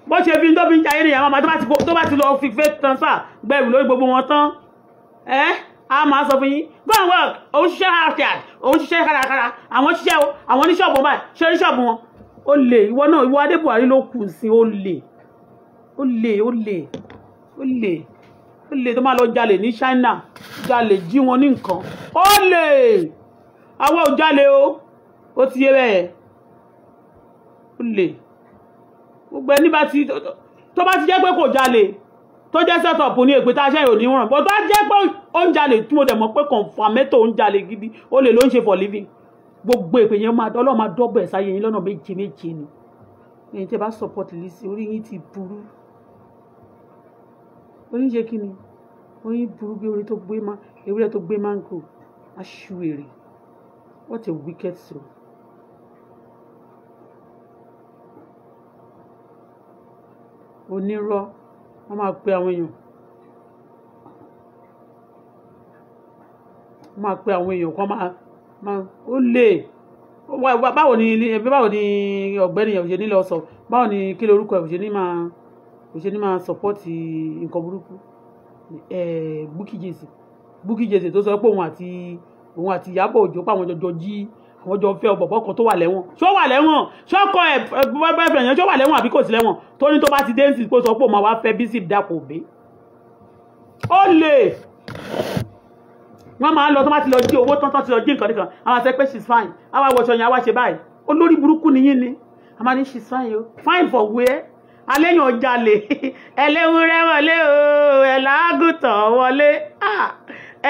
bó ṣe fi ń dóbi ń jayé nìyẹn máa tó bá ti lọ fi fake transfer gbẹ̀rù lórí gbogbo wọn tán ẹ́ a máa sọ fún yín go and work òun ṣiṣẹ́ hard òun ṣiṣẹ́ kárakára àwọn ṣiṣẹ́ o àwọn oníṣọ́ọ̀bù báyìí ṣe oníṣọ́ọ̀bù wọn ó lè ìwọ náà ìwọ adé buhari ló kù sí ó lè ó lè ó lè ó lè ó lè tó máa lọ jalè ní China jalè jí wọn ní nǹkan ó lè àwa ò jalè o ó ti yé bẹ́ẹ̀ ó lè gbogbo ẹni bá ti tó bá ti jẹ́ pé kò jalè tó jẹ́ sẹ́tọ̀pù ní èpè tá a ṣẹ́yìn òní wọ̀n bó tó jẹ́ pé ó ń jalè tí mo dẹ̀ mọ̀ pé kọ̀ǹfàmẹ́tò ń jalè gidi ó lè ló ń ṣe for living gbogbo èpè yẹn máa ọlọ́run máa dọ́gbọ̀ ẹ̀ sáyé yín lọ́nà méje méje ni ẹ̀yin tẹ́ bá support Lizzy orí yín ti burú oyin ṣe kí ni oyin burú bí orí tó gbé má ewúrẹ́ tó gbé máńgò aṣù èrè. What a wicked soul. Onírọ́ wọ́n máa pè àwọn èèyàn wọ́n máa pè àwọn èèyàn kan máa máa ó lè báwo báwo ni ọ̀gbẹ́ni ọ̀ṣẹ́ nílẹ̀ ọ̀sọ̀ báwo ni ní máa ọ̀ṣẹ́ Jesse tó sọ òun àti Ìyábọ̀ Òjó pa jọjọ jí àwọn jọ fẹ́ ọ̀bọ̀bọ̀ kan tó wà lẹ́wọ̀n ṣó wà lẹ́wọ̀n ṣó kọ ẹ̀ bẹ́ẹ̀bẹ́ẹ̀ yẹn ṣó wà lẹ́wọ̀n àbí kò sí lẹ́wọ̀n tó ní tó bá ti dé nsì kó sọ pé òun àwa fẹ́ bísí dàpọ̀ òbí. ó lè wọ́n máa ń lọ tó bá ti lọ jí owó tán tán ti lọ jí nǹkan nìkan àwọn àṣẹ pé she's fine àwa wọṣọ yẹn àwa ṣe báyìí olórí burúkú nìyí ni a máa ní she's fine o fine for where aléyàn ọjà lè ẹlẹ́wúrẹ́ wọlé o ẹ̀là wọlé ah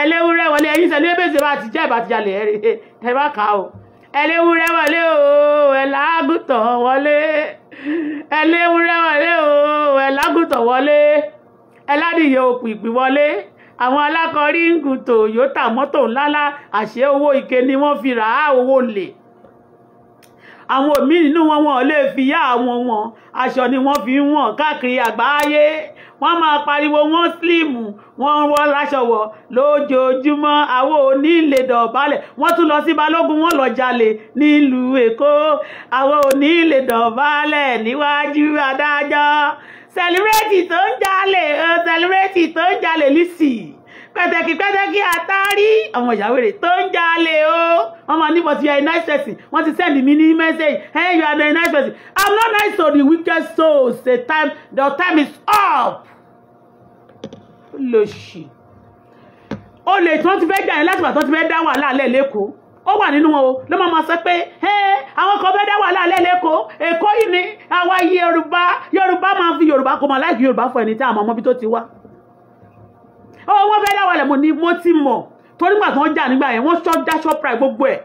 ẹlẹ́wúrẹ́ wọlé ẹ̀yin sẹ́lẹ̀ bẹ́sẹ̀ bá ti jẹ́ ìbàtìjalè ẹ bá kà ó ẹlẹ́wúrẹ́ wọlé o ẹ̀lágùtàn wọlé ẹlẹ́wúrẹ́ wọlé o ẹ̀lágùtàn wọlé ẹ̀ládìyẹ òkú ìpín wọlé àwọn alákọ̀ọ́rí ń gùn tòyótà mọ́tò ńláńlá àṣẹ owó ike ni wọ́n fi rà á owó lè àwọn míì nínú wọn wọn ò lè fi yá àwọn wọn aṣọ ni wọ́n fi ń wọ̀n káàkiri àgbáyé wọ́n máa pariwo wọ́n sílíìmù wọ́n ń wọ́ láṣọ wọ̀ lójoojúmọ́ àwọn onílé dọ̀bálẹ̀ wọ́n tún lọ sí balógun wọ́n lọ jalè nílùú èkó àwọn onílé dọ̀bálẹ̀ níwájú adájọ́ sẹlẹrẹtì tó ń jalè ó eh, sẹlẹrẹtì tó ń jalè lísì pẹ̀tẹ̀kì pẹ̀tẹ̀kì àtàrí ọmọ ìyàwó rẹ̀ tó ń jalè o ọmọ ní but you are a nice person wọ́n ti send me ní message hey you are a nice person I'm not nice to the wicked souls the time the time is up lòṣì olè tí wọ́n ti fẹ́ jà yín láti bàtọ́ ti fẹ́ dá wàhálà alẹ́ lẹ́kọ̀ọ́ ó wà nínú wọn o ló máa ma sọ pé àwọn kan fẹ́ dá wàhálà alẹ́ lẹ́kọ̀ọ́ èkó yìí ni àwa yorùbá yorùbá máa fi yorùbá kò máa láì fi yorùbá fọ ẹni tí àwọn ọmọ bí tó ti wá ó wọ́n fẹ́ dáwọ́lẹ̀ mo ní mo ti mọ̀ torí gbà tó ń jà nígbà yẹn wọ́n ṣọ́ dá ṣọ́pra gbogbo ẹ̀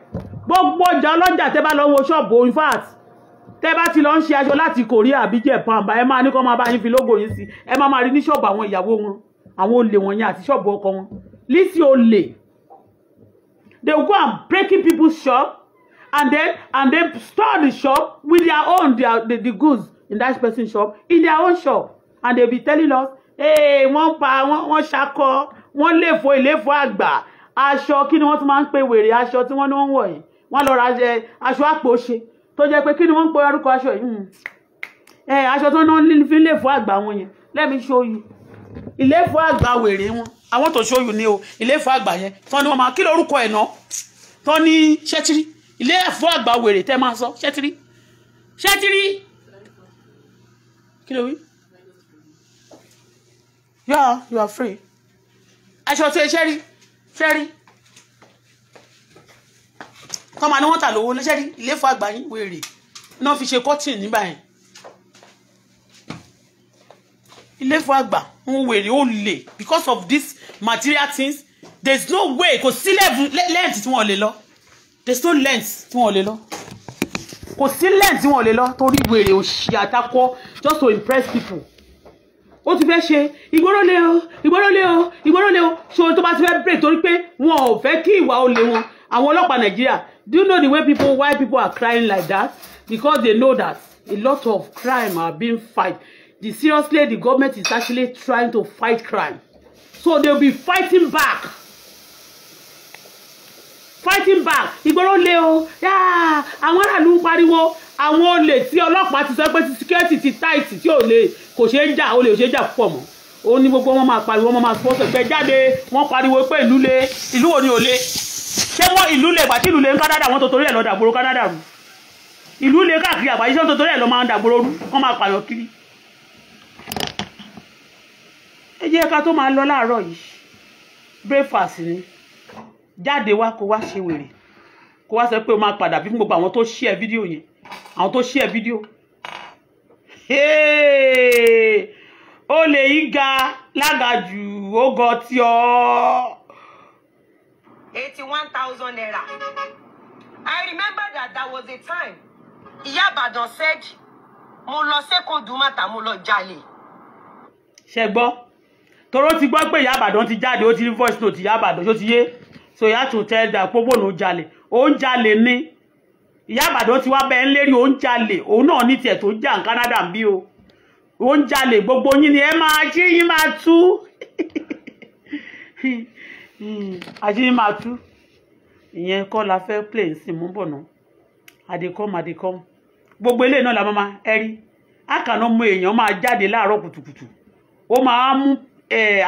gbogbo ọjà ọlọ́jà tẹ́ bá lọ wo ṣọ́ọ̀bù in fact tẹ́ bá ti lọ ń ṣe aṣọ láti Korea àbí Japan ẹ máa ní kó máa bá yín fi lógo yín sí ẹ máa máa rí ní ṣọ́ọ̀bù àwọn ìyàwó wọn àwọn olè wọn yẹn àti ṣọ́ọ̀bù ọkọ wọn Lizzy olè they go and breaking people's shop and then and then store the shop with their own their the, the goods in that person's shop in their own shop and they be telling us wọ́n pa wọ́n ṣakọ wọ́n léfo ìléfo àgbà aṣọ kí ni wọ́n tún máa ń pe wèrè aṣọ tí wọ́n ní wọ́n wọ̀ yìí wọ́n lọ ra aṣọ àpòṣe tó jẹ́ pé kí ni wọ́n ń pe orúkọ aṣọ yìí hmm. aṣọ tó náà fi ń léfo àgbà wọn yẹn let me show you ìléfo àgbà wèrè wọn àwọn tó show you ni o ìléfo àgbà yẹn tán ni wọ́n máa kí lórúkọ ẹ̀ náà tán ní ṣẹ́tírí ìléfo àgbà wèrè tẹ́ máa sọ ṣẹ́tírí ṣẹ́tírí kí ló wí yeah you are free aṣọ tí ṣe rí ṣe rí tọ́mọ ni wọ́n tà lówó ṣe rí ilé fún àgbà yín wèrè náà fi ṣe cotton nígbà yẹn ilé fún àgbà ń wèrè ó lè because of this material things there is no way kò sí length tí wọ́n lè lọ there is no length tí wọ́n lè lọ kò sí length tí wọ́n lè lọ torí wèrè òṣì àtakọ just to impress people ó ti fẹ́ ṣe ìgboro lé o ìgboro lé o ìgboro lé o ṣòro tó bá ti fẹ́ bèrè torí pé wọn ò fẹ́ kí ìwà olè wọn àwọn ọlọ́pàá nàìjíríà do you know the way people why people are crying like that because they know that a lot of crime are being fight the seriously the government is actually trying to fight crime so they will be fighting back fighting back ìgboro lé o àwọn aráàlú ń pariwo àwọn olè tí ọlọ́pàá ti sọ pé ti security ti tight tí ò lè kò ṣeé jà olè ò ṣeé jà púpọ̀ mọ́ ó ní gbogbo wọn máa pariwo wọn máa sponsor pé jáde wọn pariwo pé ìlú le ìlú wo ni ò le ṣé wọn ìlú le ìgbà tí ìlú le ní Canada wọn tó torí ẹ̀ lọ dàgbòrò Canada rú ìlú le káàkiri àgbáyé ṣé wọn tó torí ẹ̀ lọ máa ń dàgbòrò rú wọn máa pààyàn kiri ẹ jẹ́ ká tó máa lọ láàárọ̀ yìí breakfast ni jáde wá kó wá ṣe wèrè kó wá sọ pé o máa padà bí fún gbogbo àwọn tó share fídíò yẹn àwọn tó share fídíò ó lè yí ga lágàjù ó tí ọ. eighty one thousand naira I remember that there was a time ìyá Ìbàdàn said mo lọ sẹ́kọ̀ọ́dù mọ́ta mo lọ jalè. ṣe gbọ́ toró ti gbọ́ pé ìyá Ìbàdàn ti jáde ó ti rí voice note ìyá Ìbàdàn ṣó ti yé so ìyá tún tẹ́ ẹ dà pé bóun ò jalè ó ń ni ìyá àbàdàn ti wá bẹ́ẹ̀ ń lérí jale ń òun náà ní tiẹ̀ tó jà Canada ń bí o ó jale gbogbo yín ni ẹ máa jí yín máa tú àjí yín máa tú ìyẹn kọ́ la fẹ́ play sí mú bọ̀ náà àdìkọ́m àdìkọ́m gbogbo eléyìí náà la máa ẹ rí àkànná mú èèyàn máa jáde láàárọ̀ kùtùkùtù ó máa mú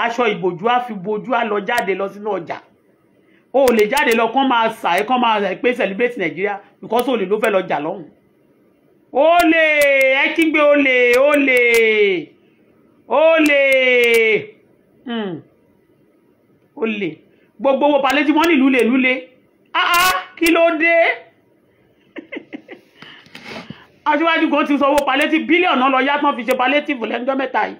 aṣọ ìbòjú á fi bojú á lọ jáde lọ sínú o ò lè jáde lọ kán máa sà é kán máa sà é pé celebrate Nigeria because olè ló fẹ́ lọ jà lọ́hùn olè ẹ kígbe olè olè o hmm. olè gbogbo wo palẹ́ tí wọ́n ní lulẹ̀ lulẹ̀ ah ah kí ló dé aṣíwájú kan ti sọ owó palẹ́tì bílíọ̀nù lọ yá tán fi ṣe palẹ́tì fún lẹ́jọ́ mẹ́ta yìí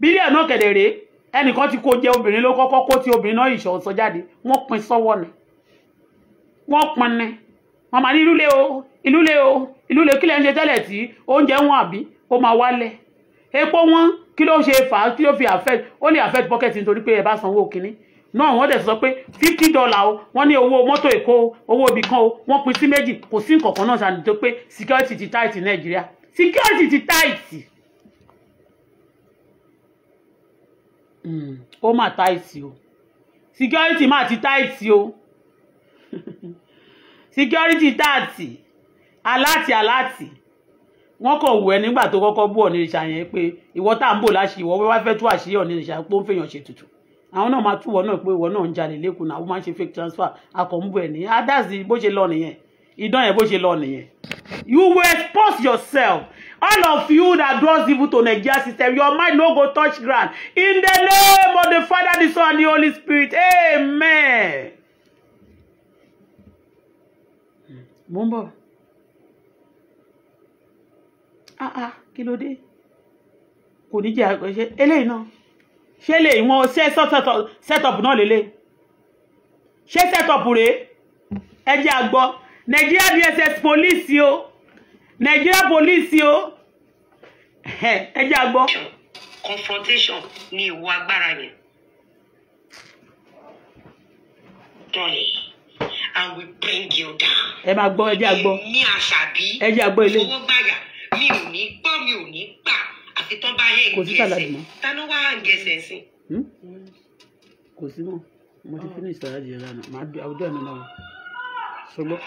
bílíọ̀nù kẹ̀dẹ̀ rèé ẹnìkan ti kó jẹ obìnrin ló kọ́kọ́ kó ti obìnrin náà ìṣọ̀ sọ jáde wọ́n pin sọ́wọ́ ni wọ́n pin ni wọ́n máa ní ìlú o ìlú o ìlú le kílẹ̀ ń ṣe tẹ́lẹ̀ tí oúnjẹ wọn àbí ó máa wálẹ̀ epo wọn kí ló ṣe fà á kí ló fi affect ó lè affect pocket nítorí pé ẹ bá sanwó kínní náà wọ́n dẹ̀ sọ pé fifty dollar o wọ́n ní owó mọ́tò èkó o owó ibì kan o wọ́n pin sí méjì kò sí nǹkan kan náà ṣàǹdí pé security ti tight ní nàìjíríà security ti tight Hmm. ó mà táìsì o security mà ti táìsì o security táàtì aláàtì aláàtì wọn kàn wù ẹ nígbà tó kọ́kọ́ bú ọ̀nìrìṣà yẹn pé ìwọ tá à ń bò láṣì ìwọ wẹ́wẹ́ fẹ́ tú àṣírí ọ̀nìrìṣà pé ó ń fèèyàn ṣe tutù àwọn náà máa túwọ̀ náà pé ìwọ náà ń jalè lẹ́kùn náà ó máa ń ṣe fake transfer akọ̀ǹbù ẹ̀ nìyẹn adáàsì ah, bó ṣe lọ nìyẹn ìdán yẹn bó ṣe lọ nìyẹn you will expose yourself All of you that does evil to Nigeria system, your mind no go touch ground. In the name of the Father, the Son, and the Holy Spirit. Amen. Mo Ah ah, kí ló dé? Kò ní jẹ́ àgbẹ̀ṣe. Eléyìí náà. Ṣé lè wọ́n ṣe set-up náà lélẹ̀? Ṣé set-up rèé? Ẹ jẹ́ Nigeria DSS police yo. Nigeria police o ẹ jẹ́ a confrontation ni ìwọ agbára yẹn tọ́lẹ̀ and we bring you down. ẹ máa gbọ́ ẹ jẹ́ a gbọ́. ní àṣàbí ẹ jẹ́ a gbọ́ ilé. owó gbàyà mi ò ní gbọ́ mi ò ní gbà àfi tán bá hẹ̀ gẹ̀ẹ́sẹ̀ tánú wá gẹ̀ẹ́sẹ̀ sí. Hmm? kò sí mọ́ mo ti finish ìsọ̀rọ̀ àjẹyọ̀ lánàá màá dé àwùjọ mi náà ṣùgbọ́n.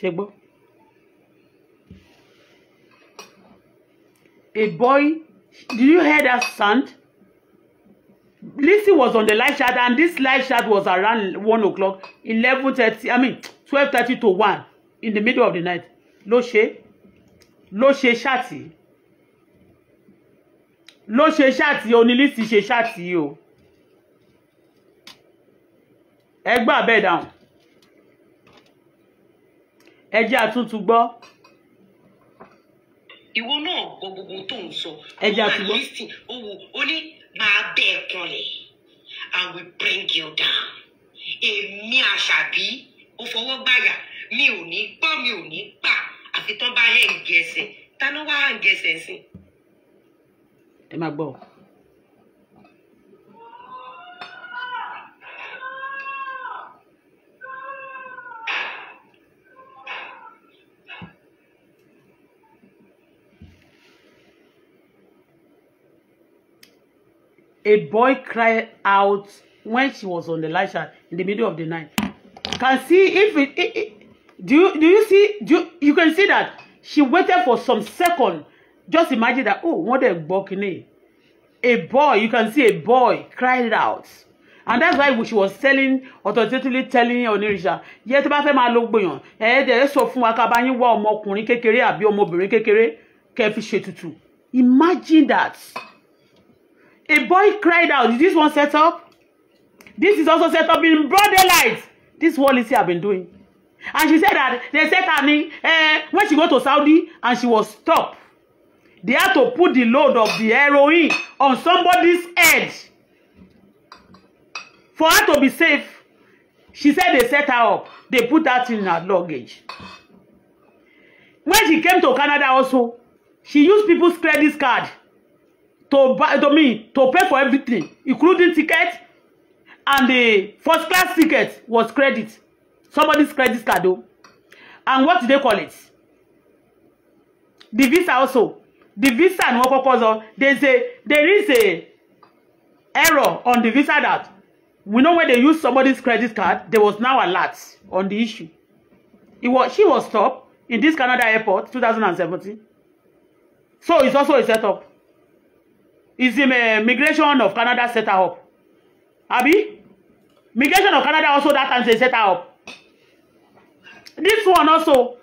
ṣe gbọ́. A boy did you hear that sound? Lizzy was on the light chat and this light chat was around one o'clock eleven thirty I mean twelve thirty to one in the middle of the night ló ṣe ló ṣe ṣáàtì ló ṣe ṣáàtì o ní Lizzy ṣe ṣáàtì o ẹ gbà bẹ́ẹ̀ ẹ jẹ́ àtúntú gbọ́. ìwọ náà gbọ́ gbogbo tó ń sọ. ẹ jẹ́ àtúgbọ́. àlìsí owó ó ní máa bẹ ẹ kanlẹ̀ and we bring you down. èmi àṣàbí ó fọwọ́ gbàyà mi ò ní gbọ́ mi ò ní gbà àfi tán bá hẹ́ǹgì ẹsẹ̀ tánú wá hẹ́ǹgì ẹsẹ̀ sí. ẹ máa gbọ́ ọ. a boy cried out when she was on Elisha in the middle of the night. Can see if it, it, it do you do you see do you, you can see that she waited for some second. Just imagine that oh what a balcony. A boy, you can see a boy cried out. And that's why she was telling authoritatively telling Onirisha yẹ tó bá fẹ́ máa lọ gbèyàn ẹ̀ẹ́dẹ̀ ẹ sọ fún wa ká bá yín imagine that A boy cried out. Is this one set up? This is also set up in broader daylight. This what policy have been doing. And she said that they set her in uh, eh, when she go to Saudi and she was stopped. They had to put the load of the heroin on somebody's head. For her to be safe, she said they set her up. They put that in her luggage. When she came to Canada also, she used people's credit card to buy to me to pay for everything including ticket and the first class ticket was credit somebody's credit card o and what do they call it the visa also the visa ni wọ́n kọ́kọ́ sọ they say there is a error on the visa that we know when they use somebody's credit card there was now alert on the issue it was she was stopped in this Canada airport 2017 so it's also a setup is the eh, migration of Canada set her up abi migration of Canada also that time they set her up this one also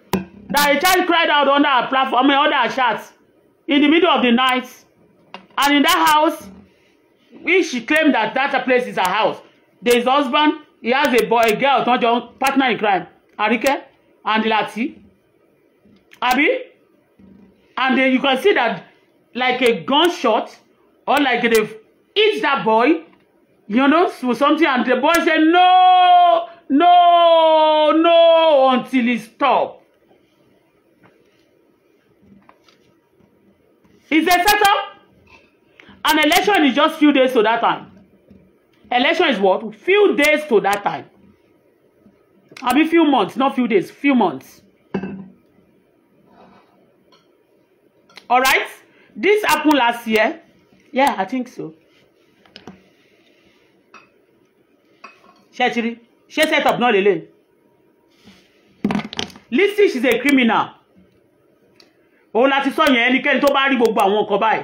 that a child cried out under her platform I mean, under her shirt in the middle of the night and in that house which she claimed that that place is her house there is husband he has a boy a girl tó ń partner in crime Arike and Lati abi and then eh, you can see that like a gunshot or like they eat that boy, you know, for something, and the boy said, no, no, no, until he stop. Is there setup? An election is just few days to that time. Election is what? Few days to that time. I mean, few months, not few days, few months. All right? This happened last year yeah i think so ṣé ti rí ṣé setup náà lélẹ̀ Lizzy she is a criminal òun láti sọ yẹn ẹnikẹ́ni tó bá rí gbogbo àwọn nǹkan báyìí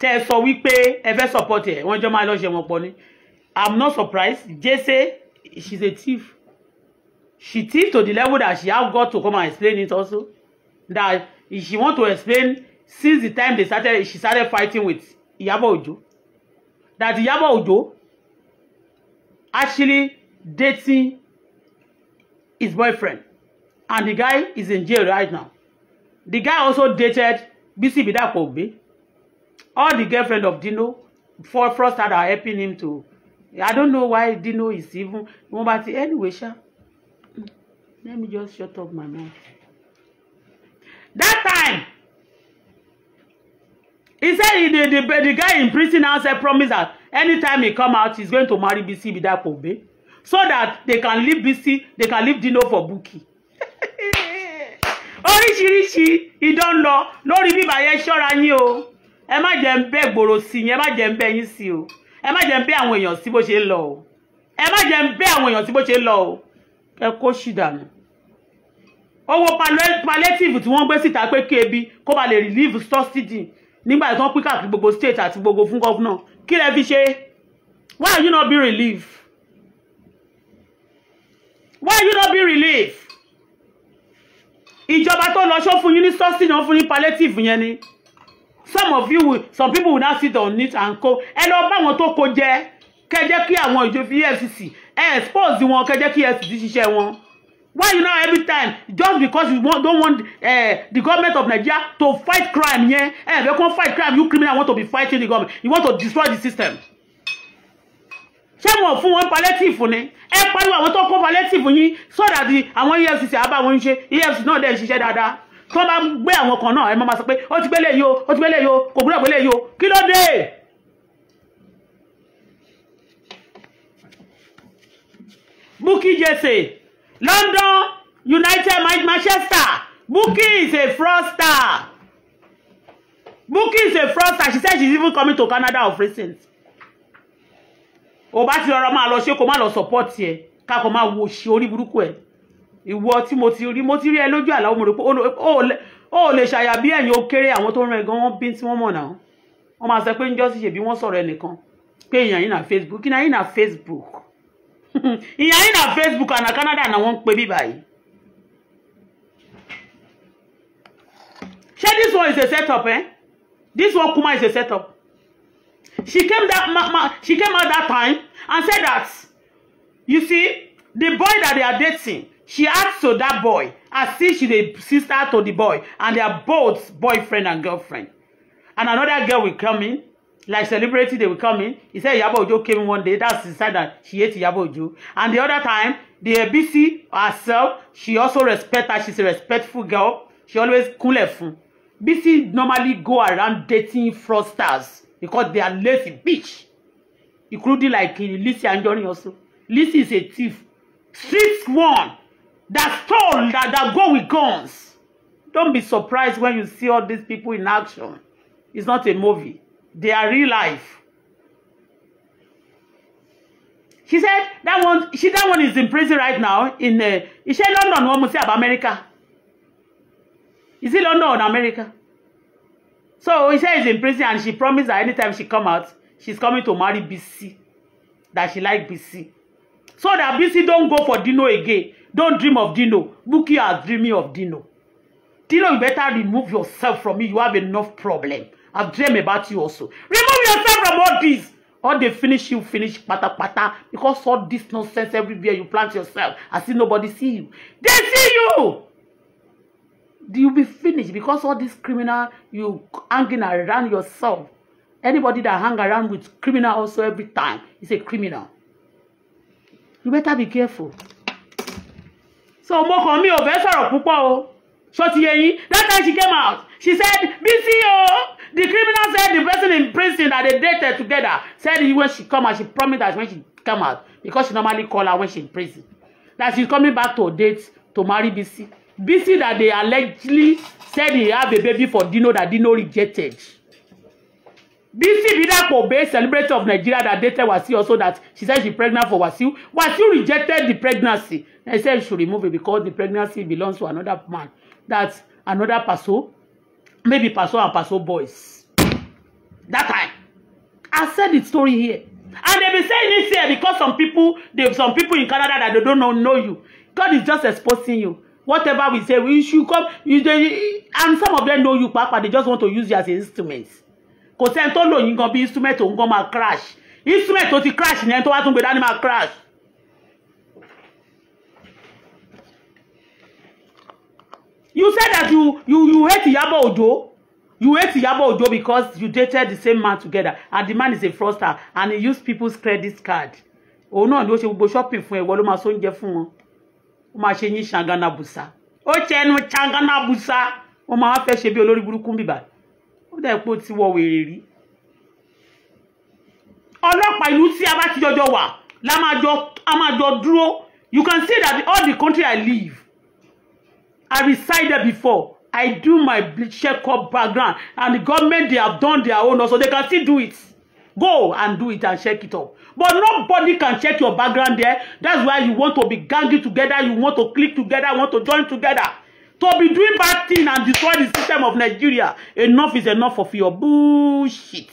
tẹ́ ẹ sọ wípé ẹ fẹ́ support ẹ̀ wọ́n jọ máa lọ ṣe wọn pọ̀ ni i'm not surprised jesse she is a thief she thief to the level that she have got to come and explain it also that she want to explain since the time they started she started fighting with Iyabo Ojo that Iyabo Ojo actually dating his boyfriend and the guy is in jail right now the guy also dated Bisi Bidapo Obe all the girlfriend of Dino for fraudsters are helping him to I don't know why Dino is even wọ́n bá ti anyway ṣá let me just shut up my mouth that time He said he, the, the, the guy in prison now said promise that anytime he come out, he's going to marry BC without Bidapobe. So that they can leave BC, they can leave Dino for Buki. Oríṣiríṣi idán lọ lórí bíbá yẹn ṣọ́ra yín o. Ẹ má jẹ́ ń bẹ́ gbòòrò sí yín, ẹ má jẹ́ ń bẹ́ yín sí o. Ẹ má jẹ́ ń bẹ́ àwọn èèyàn sí bó ṣe ń lọ o. Ẹ má jẹ́ ń bẹ́ àwọn èèyàn sí bó ṣe o. Ẹ kó ṣì dànù. Owó palliative tí wọ́n gbé síta pé kí ebi kó ba lè relieve subsidy nígbà tí wọ́n pín káàkiri gbogbo state àti gbogbo fún gọ́vnà kí lẹ fi ṣe why you no be relief why you no be relief ìjọba tó lọ ṣó fún yín ní sọ́ọ̀sì náà fún yín palliative yẹn ni some of you will, some people will now sit on it and co ẹ lọ bá wọn tó kó jẹ kẹjẹ kí àwọn ìjọ fi EFCC ẹ expose wọn kẹjẹ kí EFCC ṣiṣẹ́ wọn why you know every time just because you want, don't want uh, the government of Nigeria to fight crime yeah Hey, eh, they come fight crime you criminal want to be fighting the government you want to destroy the system ṣé wọn fún wọn palliative ni ẹ pariwo àwọn tó kó palliative yín so that àwọn EFCC àbá wọn ń ṣe EFCC náà dẹ̀ ń ṣiṣẹ́ dáadáa tó bá gbé àwọn kan náà ẹ máa sọ pé ó ti gbélé yìí o ó ti gbélé yìí o kò gbúdọ̀ gbélé yìí o kí ló dé. Bukky Jesse London United Manchester Bukky is a fraudster Bukky is a fraudster she said she's even coming to Canada of recent ò bá ti lọ́rọ̀ máa lo ṣe kó má lọ support ẹ káàkó máa wo ṣe orí burúkú ẹ ìwọ tí mo ti rí mo ti rí ẹ lójú àlá mo rò pé ó lè ṣàyà bí ẹ̀yin ó kéré àwọn tó ń rán ẹ̀gán wọn bí tí wọ́n mọ̀ náà wọ́n na Facebook kí na Facebook ìyá yìí na Facebook àná Canada náà wọ́n ń pe bíbá yìí. ṣé this one is a set up eh? this one kuma is a set up. She came that ma ma she came out that time and said that you see the boy that they are dating she asked to that boy and see she dey sister to the boy and they are both boyfriend and girlfriend and another girl will come in like celebrity they will come in he said Iyabo Ojo came in one day that's the side that she hate Iyabo Ojo and the other time the ABC herself she also respect her she's a respectful girl she always kúnlẹ̀ fún BC normally go around dating fraudsters because they are lazy bitch including like Lizzy Anjorin also Lizzy is a thief street one that stole that that go with guns don't be surprised when you see all these people in action it's not a movie their real life. She said that one. She that one is in prison right now. In uh, he said London, one must say about America. Is it London or America? So he said he's in prison, and she promised that anytime she come out, she's coming to marry BC. That she like BC. So that BC don't go for Dino again. Don't dream of Dino. Buki are dreaming of Dino. Dino, you better remove yourself from me. You have enough problem. I've dream about you also. Remove yourself from all this. All they finish you, finish pata pata. Because all this nonsense everywhere you plant yourself. I see nobody see you. They see you. You'll be finished because all this criminal you hanging around yourself. Anybody that hang around with criminal also every time is a criminal. You better be careful. So mo kàn mi ò fẹ́ sọ̀rọ̀ púpọ̀ o. Ṣó That time she came out, she said, busy oh. The criminal said the person in prison that they dated together said he, when she come out, she promised that when she come out, because she normally call her when she in prison, that she's coming back to date to marry BC. BC that they allegedly said he have a baby for Dino that Dino rejected. Bisi Bidapo Bay, celebrity of Nigeria that dated Wasiu also that she said she pregnant for Wasiu. Wasiu rejected the pregnancy. And said she should remove it because the pregnancy belongs to another man. That's another person maybe Paso and Paso boys. That time. I said the story here. And they be saying this here because some people, they, some people in Canada that they don't know, know you. God is just exposing you. Whatever we say, we should come. You, they, and some of them know you, Papa. They just want to use you as instruments. Kò sẹ́ni tó lò yín gan be instrument òun gan máa crash. Instrument to ti crash yẹn tó wá tún crash. you said that you you you hate Iyabo Odo. you hate Iyabo Odo because you dated the same man together and the man is a fraudster and he used people's credit card òun náà ni ó ṣe gbogbo shopping fún ẹwọ ló máa so oúnjẹ fún wọn ó máa ṣe yín ṣanganabusa ó ṣe ẹnu ṣanganabusa wọn máa wá fẹ́ ṣe bí olórí burúkú bìbà ó dẹ̀ pé ó ti wọ wèrè rí ọlọ́pàá ìlú tí a bá ti jọjọ wà la máa jọ dúró you can see that all the country I live I resided before. I do my check-up background. And the government, they have done their own also. They can still do it. Go and do it and check it up. But nobody can check your background there. That's why you want to be ganging together. You want to click together. You want to join together. To be doing bad things and destroy the system of Nigeria. Enough is enough of your bullshit.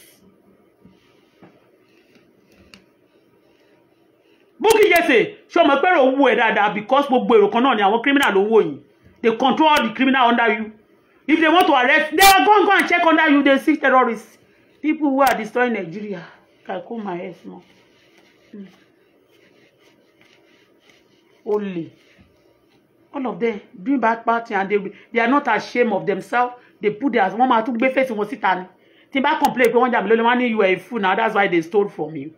Bukky Jesse, ṣé o mọ̀ pé èrò owó ẹ̀ dáadáa because gbogbo èrò kan náà criminal They control all the criminal under you. If they want to arrest, they are going go and check under you. They see terrorists. People who are destroying Nigeria. Can I call my head small. Mm. Only. All of them doing bad party and they they are not ashamed of themselves. They put their mama máa be gbé face wọn síta ni. Tí n bá complain pé wọ́n jà money you are a fool now that's why they stole from you.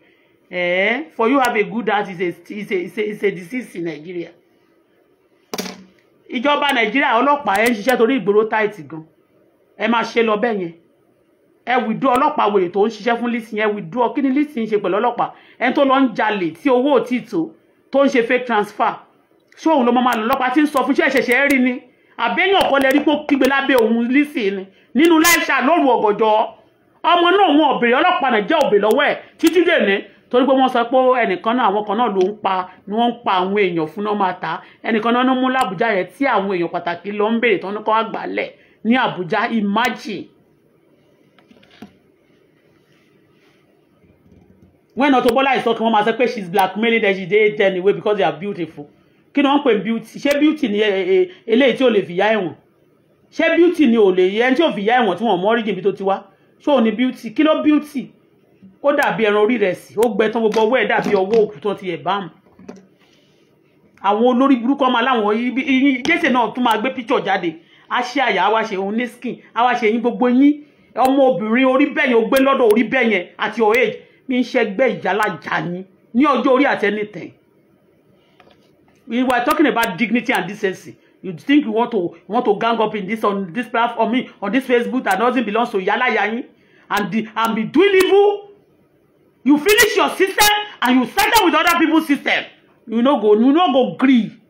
Eh? For you have a good heart is a is a is a, a disease in Nigeria ìjọba nàìjíríà ọlọ́pàá ẹ̀ ń ṣiṣẹ́ torí ìgboro táìtì gan ẹ máa ṣe lọ bẹ́ẹ̀ yẹn ẹ wìdú ọlọ́pàá wèrè tó ń ṣiṣẹ́ fún Lizzy ẹ wìdú ọ kí ni Lizzy ń ṣe pẹ̀lú ọlọ́pàá ẹni tó lọ ń jalè tí owó ò tí tó tó ń ṣe fake transfer ṣé òun ló máa lọ ọlọ́pàá tí ń sọ fún ṣé ẹ̀ṣẹ̀ṣẹ̀ rí ni àbẹ́yìn ọ̀kọ́ lẹ rí pé ó kígbe lábẹ́ òun Lizzy ni nínú láìsà lóru ọ̀gọ̀jọ́ ọmọ náà òun ọ̀bẹ̀rẹ̀ ọlọ́pàá nàìjíríà òbẹ̀ lọ́wọ́ ẹ̀ títí dè ní torí pé wọ́n sọ pé ẹnìkan náà àwọn kan náà ló ń pa ni wọ́n ń pa àwọn èèyàn fún náà máa ta ẹnìkan náà ló mú làbújá yẹn tí àwọn èèyàn pàtàkì lọ ń béèrè tán kọ́ àgbálẹ̀ ní àbújá imagine when Auto Bola is talking wọ́n máa sọ pé she is blackmailing them she dey there anyway because they are beautiful kí ni wọ́n pè beauty ṣé beauty ni e, e, e, eléyìí tí ò lè fìyà ẹ̀wọ̀n ṣé beauty ni ò lè yẹ ẹni tí ò fìyà ẹ̀wọ̀n tí wọ́n mọ origin beauty ó dàbí ẹran orí rẹ̀ sí ó gbẹ tán gbogbo ọwọ́ ẹ̀ dàbí ọwọ́ òkú tán ti ẹ̀ bá mu àwọn olórí burúkú ọmọ aláwọn yìí jẹ́sẹ̀ náà tún máa gbé píṣọ̀ jáde á ṣe àyà á wá ṣe òun ní skin á wá ṣe yín gbogbo yín ọmọ obìnrin orí bẹ́ẹ̀ yẹn ó gbé lọ́dọ̀ orí bẹ́ẹ̀ yẹn àti your age mi ń ṣẹgbẹ́ ìjàlájà yín ní ọjọ́ orí àti anything we were talking about dignity and decency you think you want to you want to gang up in this on this platform on this Facebook that doesn't belong to yálàyà yín and the and be doing evil you finish your system and you settle with other people's system you no go you no go gree.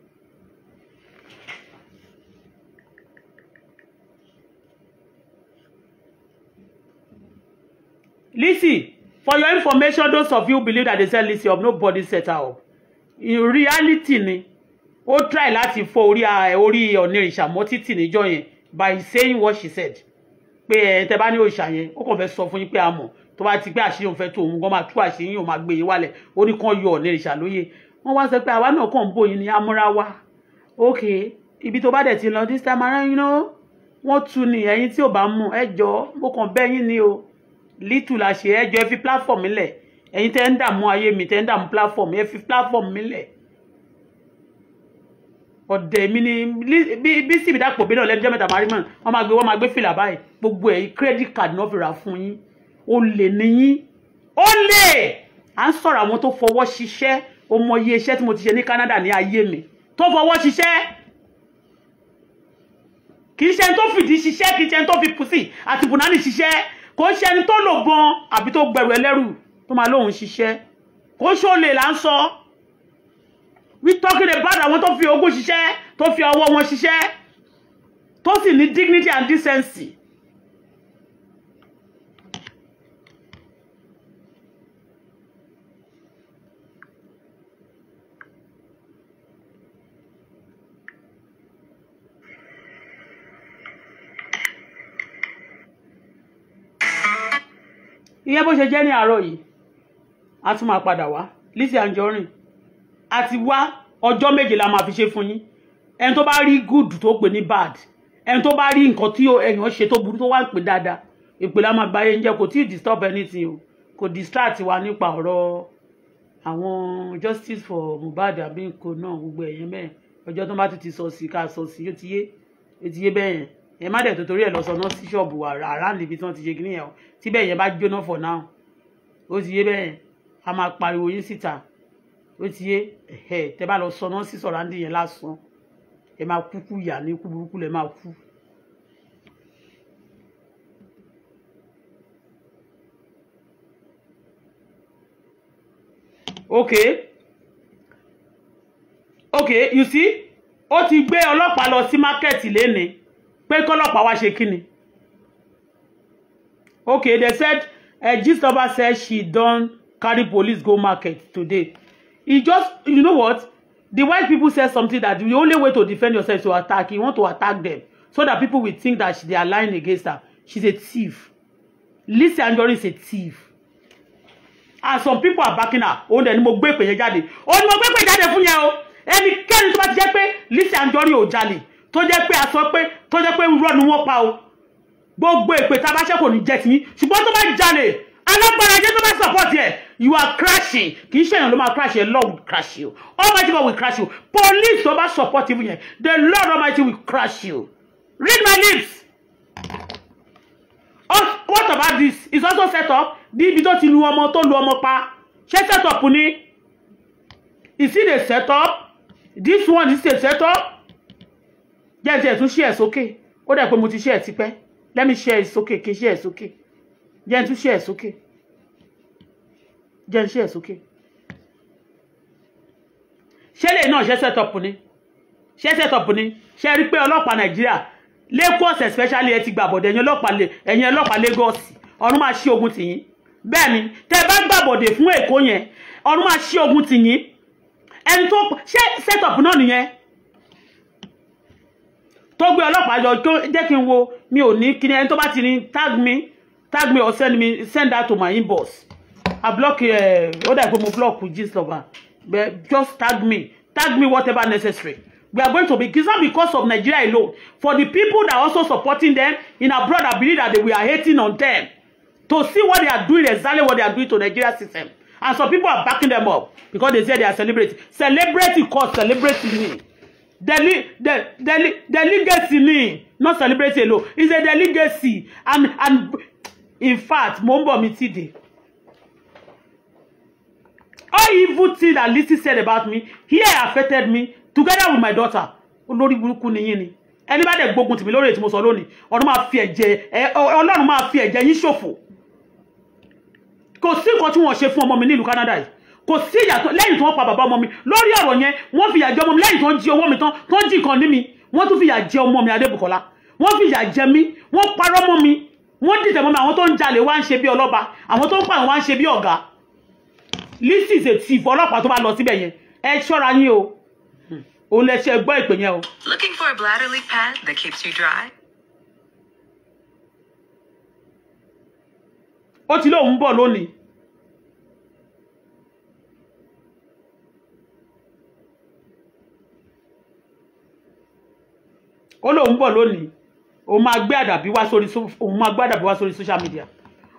Listen, for your information, those of you believe that they say Lizzy up, nobody set her up. In reality ni, ó try láti fọ́ orí orí onírìṣà mọ́ títì níjọ́ yẹn by saying what she said. Pé ẹ tẹ́ bá ní òòṣà yẹn, ó kàn fẹ́ sọ fún yín a mọ̀ tó bá ti pé àṣírí òun fẹ́ tó òun gan máa tú àṣírí yìí òun máa gbé yín wálẹ̀ ó ní kán yọ ọ̀lẹ́ ìṣàlóye wọ́n wá sọ pé àwa náà kàn ń bòyìn ní amúra wa ókè ibi tó bá dẹ̀ ti lọ this time around you know wọ́n tu ni ẹ̀yin tí ò bá mú ẹ jọ mo kàn bẹ́ yín ni o little la ṣe ẹ jọ ẹ fi platform mi lẹ̀ ẹ̀yin tẹ́ ń dààmú ayé mi tẹ́ ń dààmú platform ẹ fi platform mi lẹ̀ ọ̀dẹ̀ mi ni bí sì mi dàpọ̀ bí náà lẹ́nu jẹ́ mẹ́ta máa rí mọ́ wọn máa gbé wọn máa gbé fìlà báyìí gbogbo ẹ̀ credit card náà fi rà fún yín olè nìyí olè à ń sọ̀rọ̀ àwọn tó fọwọ́ ṣiṣẹ́ o mọ iye iṣẹ́ tí mo ti ṣe ní Canada ní ayé mi tó fọwọ́ ṣiṣẹ́ kì í ṣe ẹni tó fìdí ṣiṣẹ́ kì í ṣe ẹni tó fi pùsì àti bùnánì ṣiṣẹ́ kò ń ṣe ẹni tó lò gan àbí tó gbẹ̀rù ẹlẹ́rù tó máa lóun ṣiṣẹ́ kò ń ṣe olè là ń sọ we talking about àwọn tó fi ogún ṣiṣẹ́ tó fi ọwọ́ wọn ṣiṣẹ́ tó sì ní dignity and decency ìyẹn bó ṣe jẹ́ ní àárọ̀ yìí a tún máa padà wá Lizzy Anjorin àti wá ọjọ́ méje la máa fi ṣe fún yín ẹni tó bá rí good tó pè ní bad ẹni tó bá rí nǹkan tí èèyàn ṣe tó burú tó wá ń pè dáadáa ìpè la máa báyé ń kò tí ì disturb anything o kò distract wa nípa ọ̀rọ̀ àwọn justice for Mohbad àbí nǹkan náà gbogbo ẹ̀yẹn bẹ́ẹ̀ ọjọ́ tó bá ti ti sọ sí ká sọ sí ó ti yé ó ti yé bẹ́ẹ̀ yẹn ẹ má dẹ̀ tó torí ẹ̀ lọ sọ náà sí ṣọ́ọ̀bù àrà níbi tí wọ́n ti ṣe kí nìyẹn tíbẹ̀ yẹn bá jóná for now ó ti yé bẹ́ẹ̀ a máa pariwo yín síta ó ti yé ẹ̀hẹ́ tẹ́ bá lọ sọná sí sọ̀ràǹdì yẹn lásán ẹ máa kúkú yà ní kú burúkú lẹ máa kú. okay okay you see ó ti gbé ọlọ́pàá lọ sí mákẹ́ẹ̀tì lénìí pé kọ́lọ́pàá wá ṣe kí ni okay they said uh, eh, Gistlover said she don carry police go market today e just you know what the white people said something that the only way to defend yourself is to attack you want to attack them so that people will think that they are lying against her she's a thief Lisa Anjorin is a thief and some people are backing her Oh, dẹ̀ ni mo gbé ìpè yẹn jáde òun oh, ni mo gbé ìpè jáde fún yẹn o ẹnikẹ́ni tó bá ti jẹ́ pé Lizzy Anjorin ò jalè tó jẹ́ pé a sọ pé tó jẹ́ pé irọ́ pa o gbogbo èpè tá a bá ṣe kò ní jẹ́ tiyín ṣùgbọ́n tó bá jalè alágbára jẹ́ tó bá support ẹ̀ you are crashing kì í ṣèyàn ló máa crash ẹ̀ lord will crash you almighty god will crash you police tó bá support ibu yẹn the lord almighty will crash you read my lips oh, what about this is also set up ní ibi tó ti lu ọmọ tó lu ọmọ pa ṣé set up ni is it a set up this one is a set up jẹ́ ẹ̀ tí ẹ̀ tún ṣí ẹ̀ sókè ó dẹ̀ pé mo ti ṣí ẹ̀ tipẹ́ let me share It's okay. Can share It's okay. jẹ́ n share It's okay. jẹ́ share It's okay. ṣé lè náà set up ni Share set up ni ṣe rí pé ọlọ́pàá nàìjíríà lagos especially ẹ ti gbàbọ̀dẹ̀ ẹ̀yin ọlọ́pàá lagos ọ̀run máa ṣí ogun tìyín bẹ́ẹ̀ ni tẹ́ bá gbàbọ̀dẹ̀ fún èkó yẹn ọ̀run máa ṣí ogun tìyín ẹni tó ṣe set up náà nìyẹn tó gbé ọlọ́pàá yọ tó jẹ́ kí n wo mi ò ní kí ni ẹni tó bá ti ní tag me tag me or send me send that to my inbox i block eh, ó dà pé mo block gist lover but just tag me tag me whatever necessary we are going to be it's not because of Nigeria alone for the people that are also supporting them in abroad I believe that they, we are hating on them to see what they are doing exactly what they are doing to Nigeria system and some people are backing them up because they say they are celebrating Celebrating cause Celebrating me Deli, de, deli, delicacy not celebrate alone it's a delicacy and and in fact mo ń bọ̀ mi ti dé all evil thing that Lizzy said about me here affected me together with my daughter olórí burúkú ni yín ni ẹni bá dẹ̀ gbógun tì mí lórí ètò mo sọ lónìí ọ̀run máa fi ẹ̀jẹ̀ ọlọ́run máa fi ẹ̀jẹ̀ yín ṣòfò kò sí nǹkan tí wọ́n ṣe fún ọmọ mi ní Canada yìí kò sí ìyàtọ̀ lẹ́yìn tí wọ́n pa bàbá ọmọ mi lórí ọ̀rọ̀ yẹn wọ́n fìyà jẹ ọmọ mi lẹ́yìn tí wọ́n jí owó mi tán tó ń jí nǹkan ní mi wọ́n tún fìyà jẹ ọmọ mi Adébùkọ́lá wọ́n fìyà jẹ mí wọ́n parọ́ mọ́ mi wọ́n dìtẹ̀ mọ́ mi àwọn tó ń jalè wá ń ṣe bí ọlọ́ba àwọn tó ń pààyàn wá ń ṣe bí ọ̀gá Lizzy is a thief ọlọ́pàá tó bá lọ síbẹ̀ yẹn ẹ ṣọ́ra yín o òun lẹ ṣe gbọ́ ìpè yẹn o. Looking for a bladder leak pad that keeps you dry? ó ti lóun bọ̀ lónìí ó lóun bọ̀ lónìí òun máa gbé àdàbí wá sórí òun máa gbé àdàbí wá sórí social media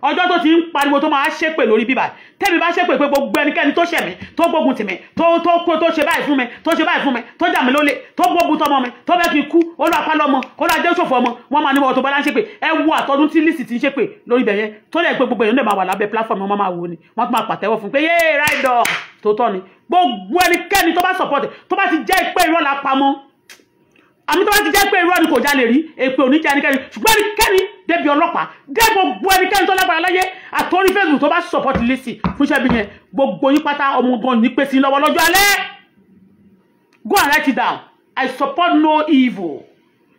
ọjọ́ tó ti ń pariwo tó máa ṣépè lórí bíbà tẹ́mi bá ṣépè pé gbogbo ẹnikẹ́ni tó ṣẹ̀mí tó gbógun tì mí tó tó kó tó ṣe báyìí fún mi tó ṣe báyìí fún mi tó jà mí lólè tó gbógun tọmọ mi tó fẹ́ kí n kú ó lọ apá lọ́mọ ó lọ ajé òṣòfò ọmọ wọn máa ní wọn tó bá dá ń ṣépè ẹ wo àtọ́dún tí lísì ti ń ṣépè lórí ibẹ̀ yẹn tó lẹ́ pé gbogbo èèyàn lè platform wọn máa wò ni wọ́n tún máa pàtẹ́wọ́ fún pé yéé ni gbogbo ẹnikẹ́ni tó bá support tó bá ti àmì tó bá ti jẹ́ pé irú ẹni kò jalè rí èpè ò ní jẹ́ ẹnikẹ́ni ṣùgbọ́n ẹnikẹ́ni débi ọlọ́pàá dé gbogbo ẹnikẹ́ni tó lágbára láyé àtọ́rí Facebook tó bá support Lizzy fúnṣẹ́ bí yẹn gbogbo yín pátá ọmọ gan ní pèsè lọ́wọ́ lọ́jọ́ alẹ́ go and write it down I support no evil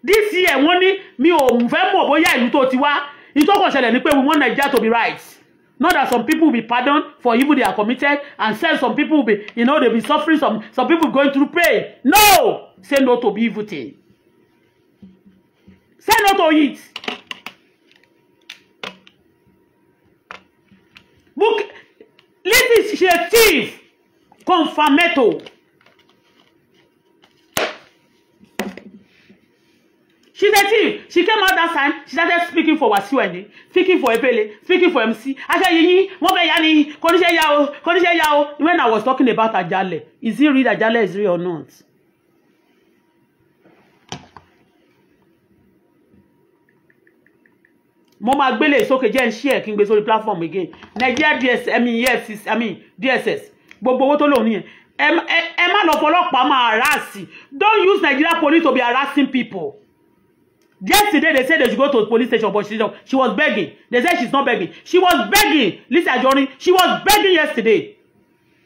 this year wọ́n ní mi ò fẹ́ mọ̀ bóyá ìlú tó ti wá ìtọ́kọ̀ṣẹlẹ̀ ni pé we want Nigeria to be right Not that some people will be pardoned for evil they are committed and said some people will be, you know, they'll be suffering, some, some people going through pain. No! Say no to evil thing. Say no to it. Book, listen, she's a thief. Confirmato. She's a thief. She came out that time. She started speaking for Wasiu Ayinde, speaking for Epele, speaking for MC. I said, fẹ́ yá ni, kò ní ṣe yá o, kò ní ṣe yá o. When I was talking about Ajale, is he real Ajale is real or not? mo máa gbélé sókè jẹ́ ń ṣí ẹ̀ kí platform again Nigeria DSS I mean yes, I mean DSS gbogbo owó tó lòun nìyẹn ẹ má lọ fọlọ́pàá don't use Nigeria police to be harassing people. Yesterday they said they should go to police station, but she, she was begging. They said she's not begging. She was begging. Lisa Johnny, she was begging yesterday.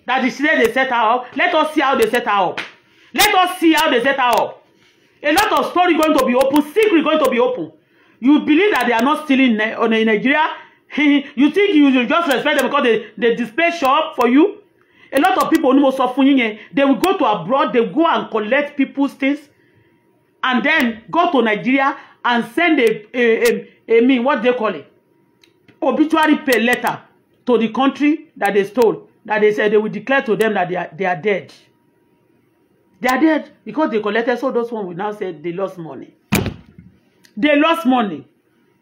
That is today they set her up. Let us see how they set her up. Let us see how they set her up. A lot of story going to be open, secret going to be open. You believe that they are not stealing on in Nigeria? you think you will just respect them because they, they display shop for you? A lot of people, they will go to abroad, they go and collect people's things and then go to Nigeria and send a, a, a, a mean, what they call it, obituary pay letter to the country that they stole, that they said they will declare to them that they are, they are dead. They are dead because they collected, so those one will now say they lost money. They lost money.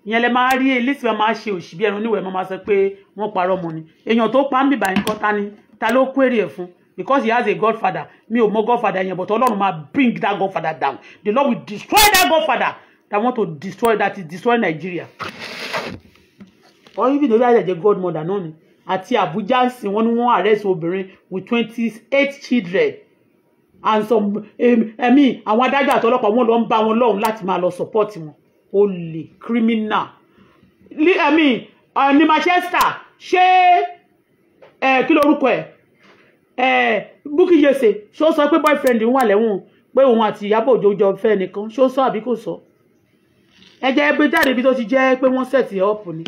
ìyẹn lè máa rí elésì wa máa ṣe òṣì bí ẹran oníwèé máa sọ pé wọ́n parọ́ mọ́ ni èèyàn tó pa ń bìbà nǹkan ta ta ló kó èrè ẹ̀ because he has a godfather mi ò mọ godfather yẹn but ọlọ́run máa bring that godfather down the lord will destroy that godfather that want to destroy that is destroy nigeria or even though that is a godmother náà ni àti abuja ń sìn wọ́n ní arrest obìnrin with twenty eight children and some ẹ̀mí àwọn adájọ́ àti ọlọ́pàá wọn lọ ń bá wọn lọ́hùn láti máa lọ support wọn Holy criminal ẹ̀mí ní manchester ṣé eh, kí lorúkọ ẹ̀ Eh, Bukky Jesse ṣó sọ pé boyfriend ń wà lẹ́wọ̀n pé òun àti Ìyábọ̀ Òjó jọ fẹ́ nìkan ṣó sọ àbí kò sọ ẹ jẹ́ pé jáde ibi tó ti jẹ́ pé wọ́n set up ni.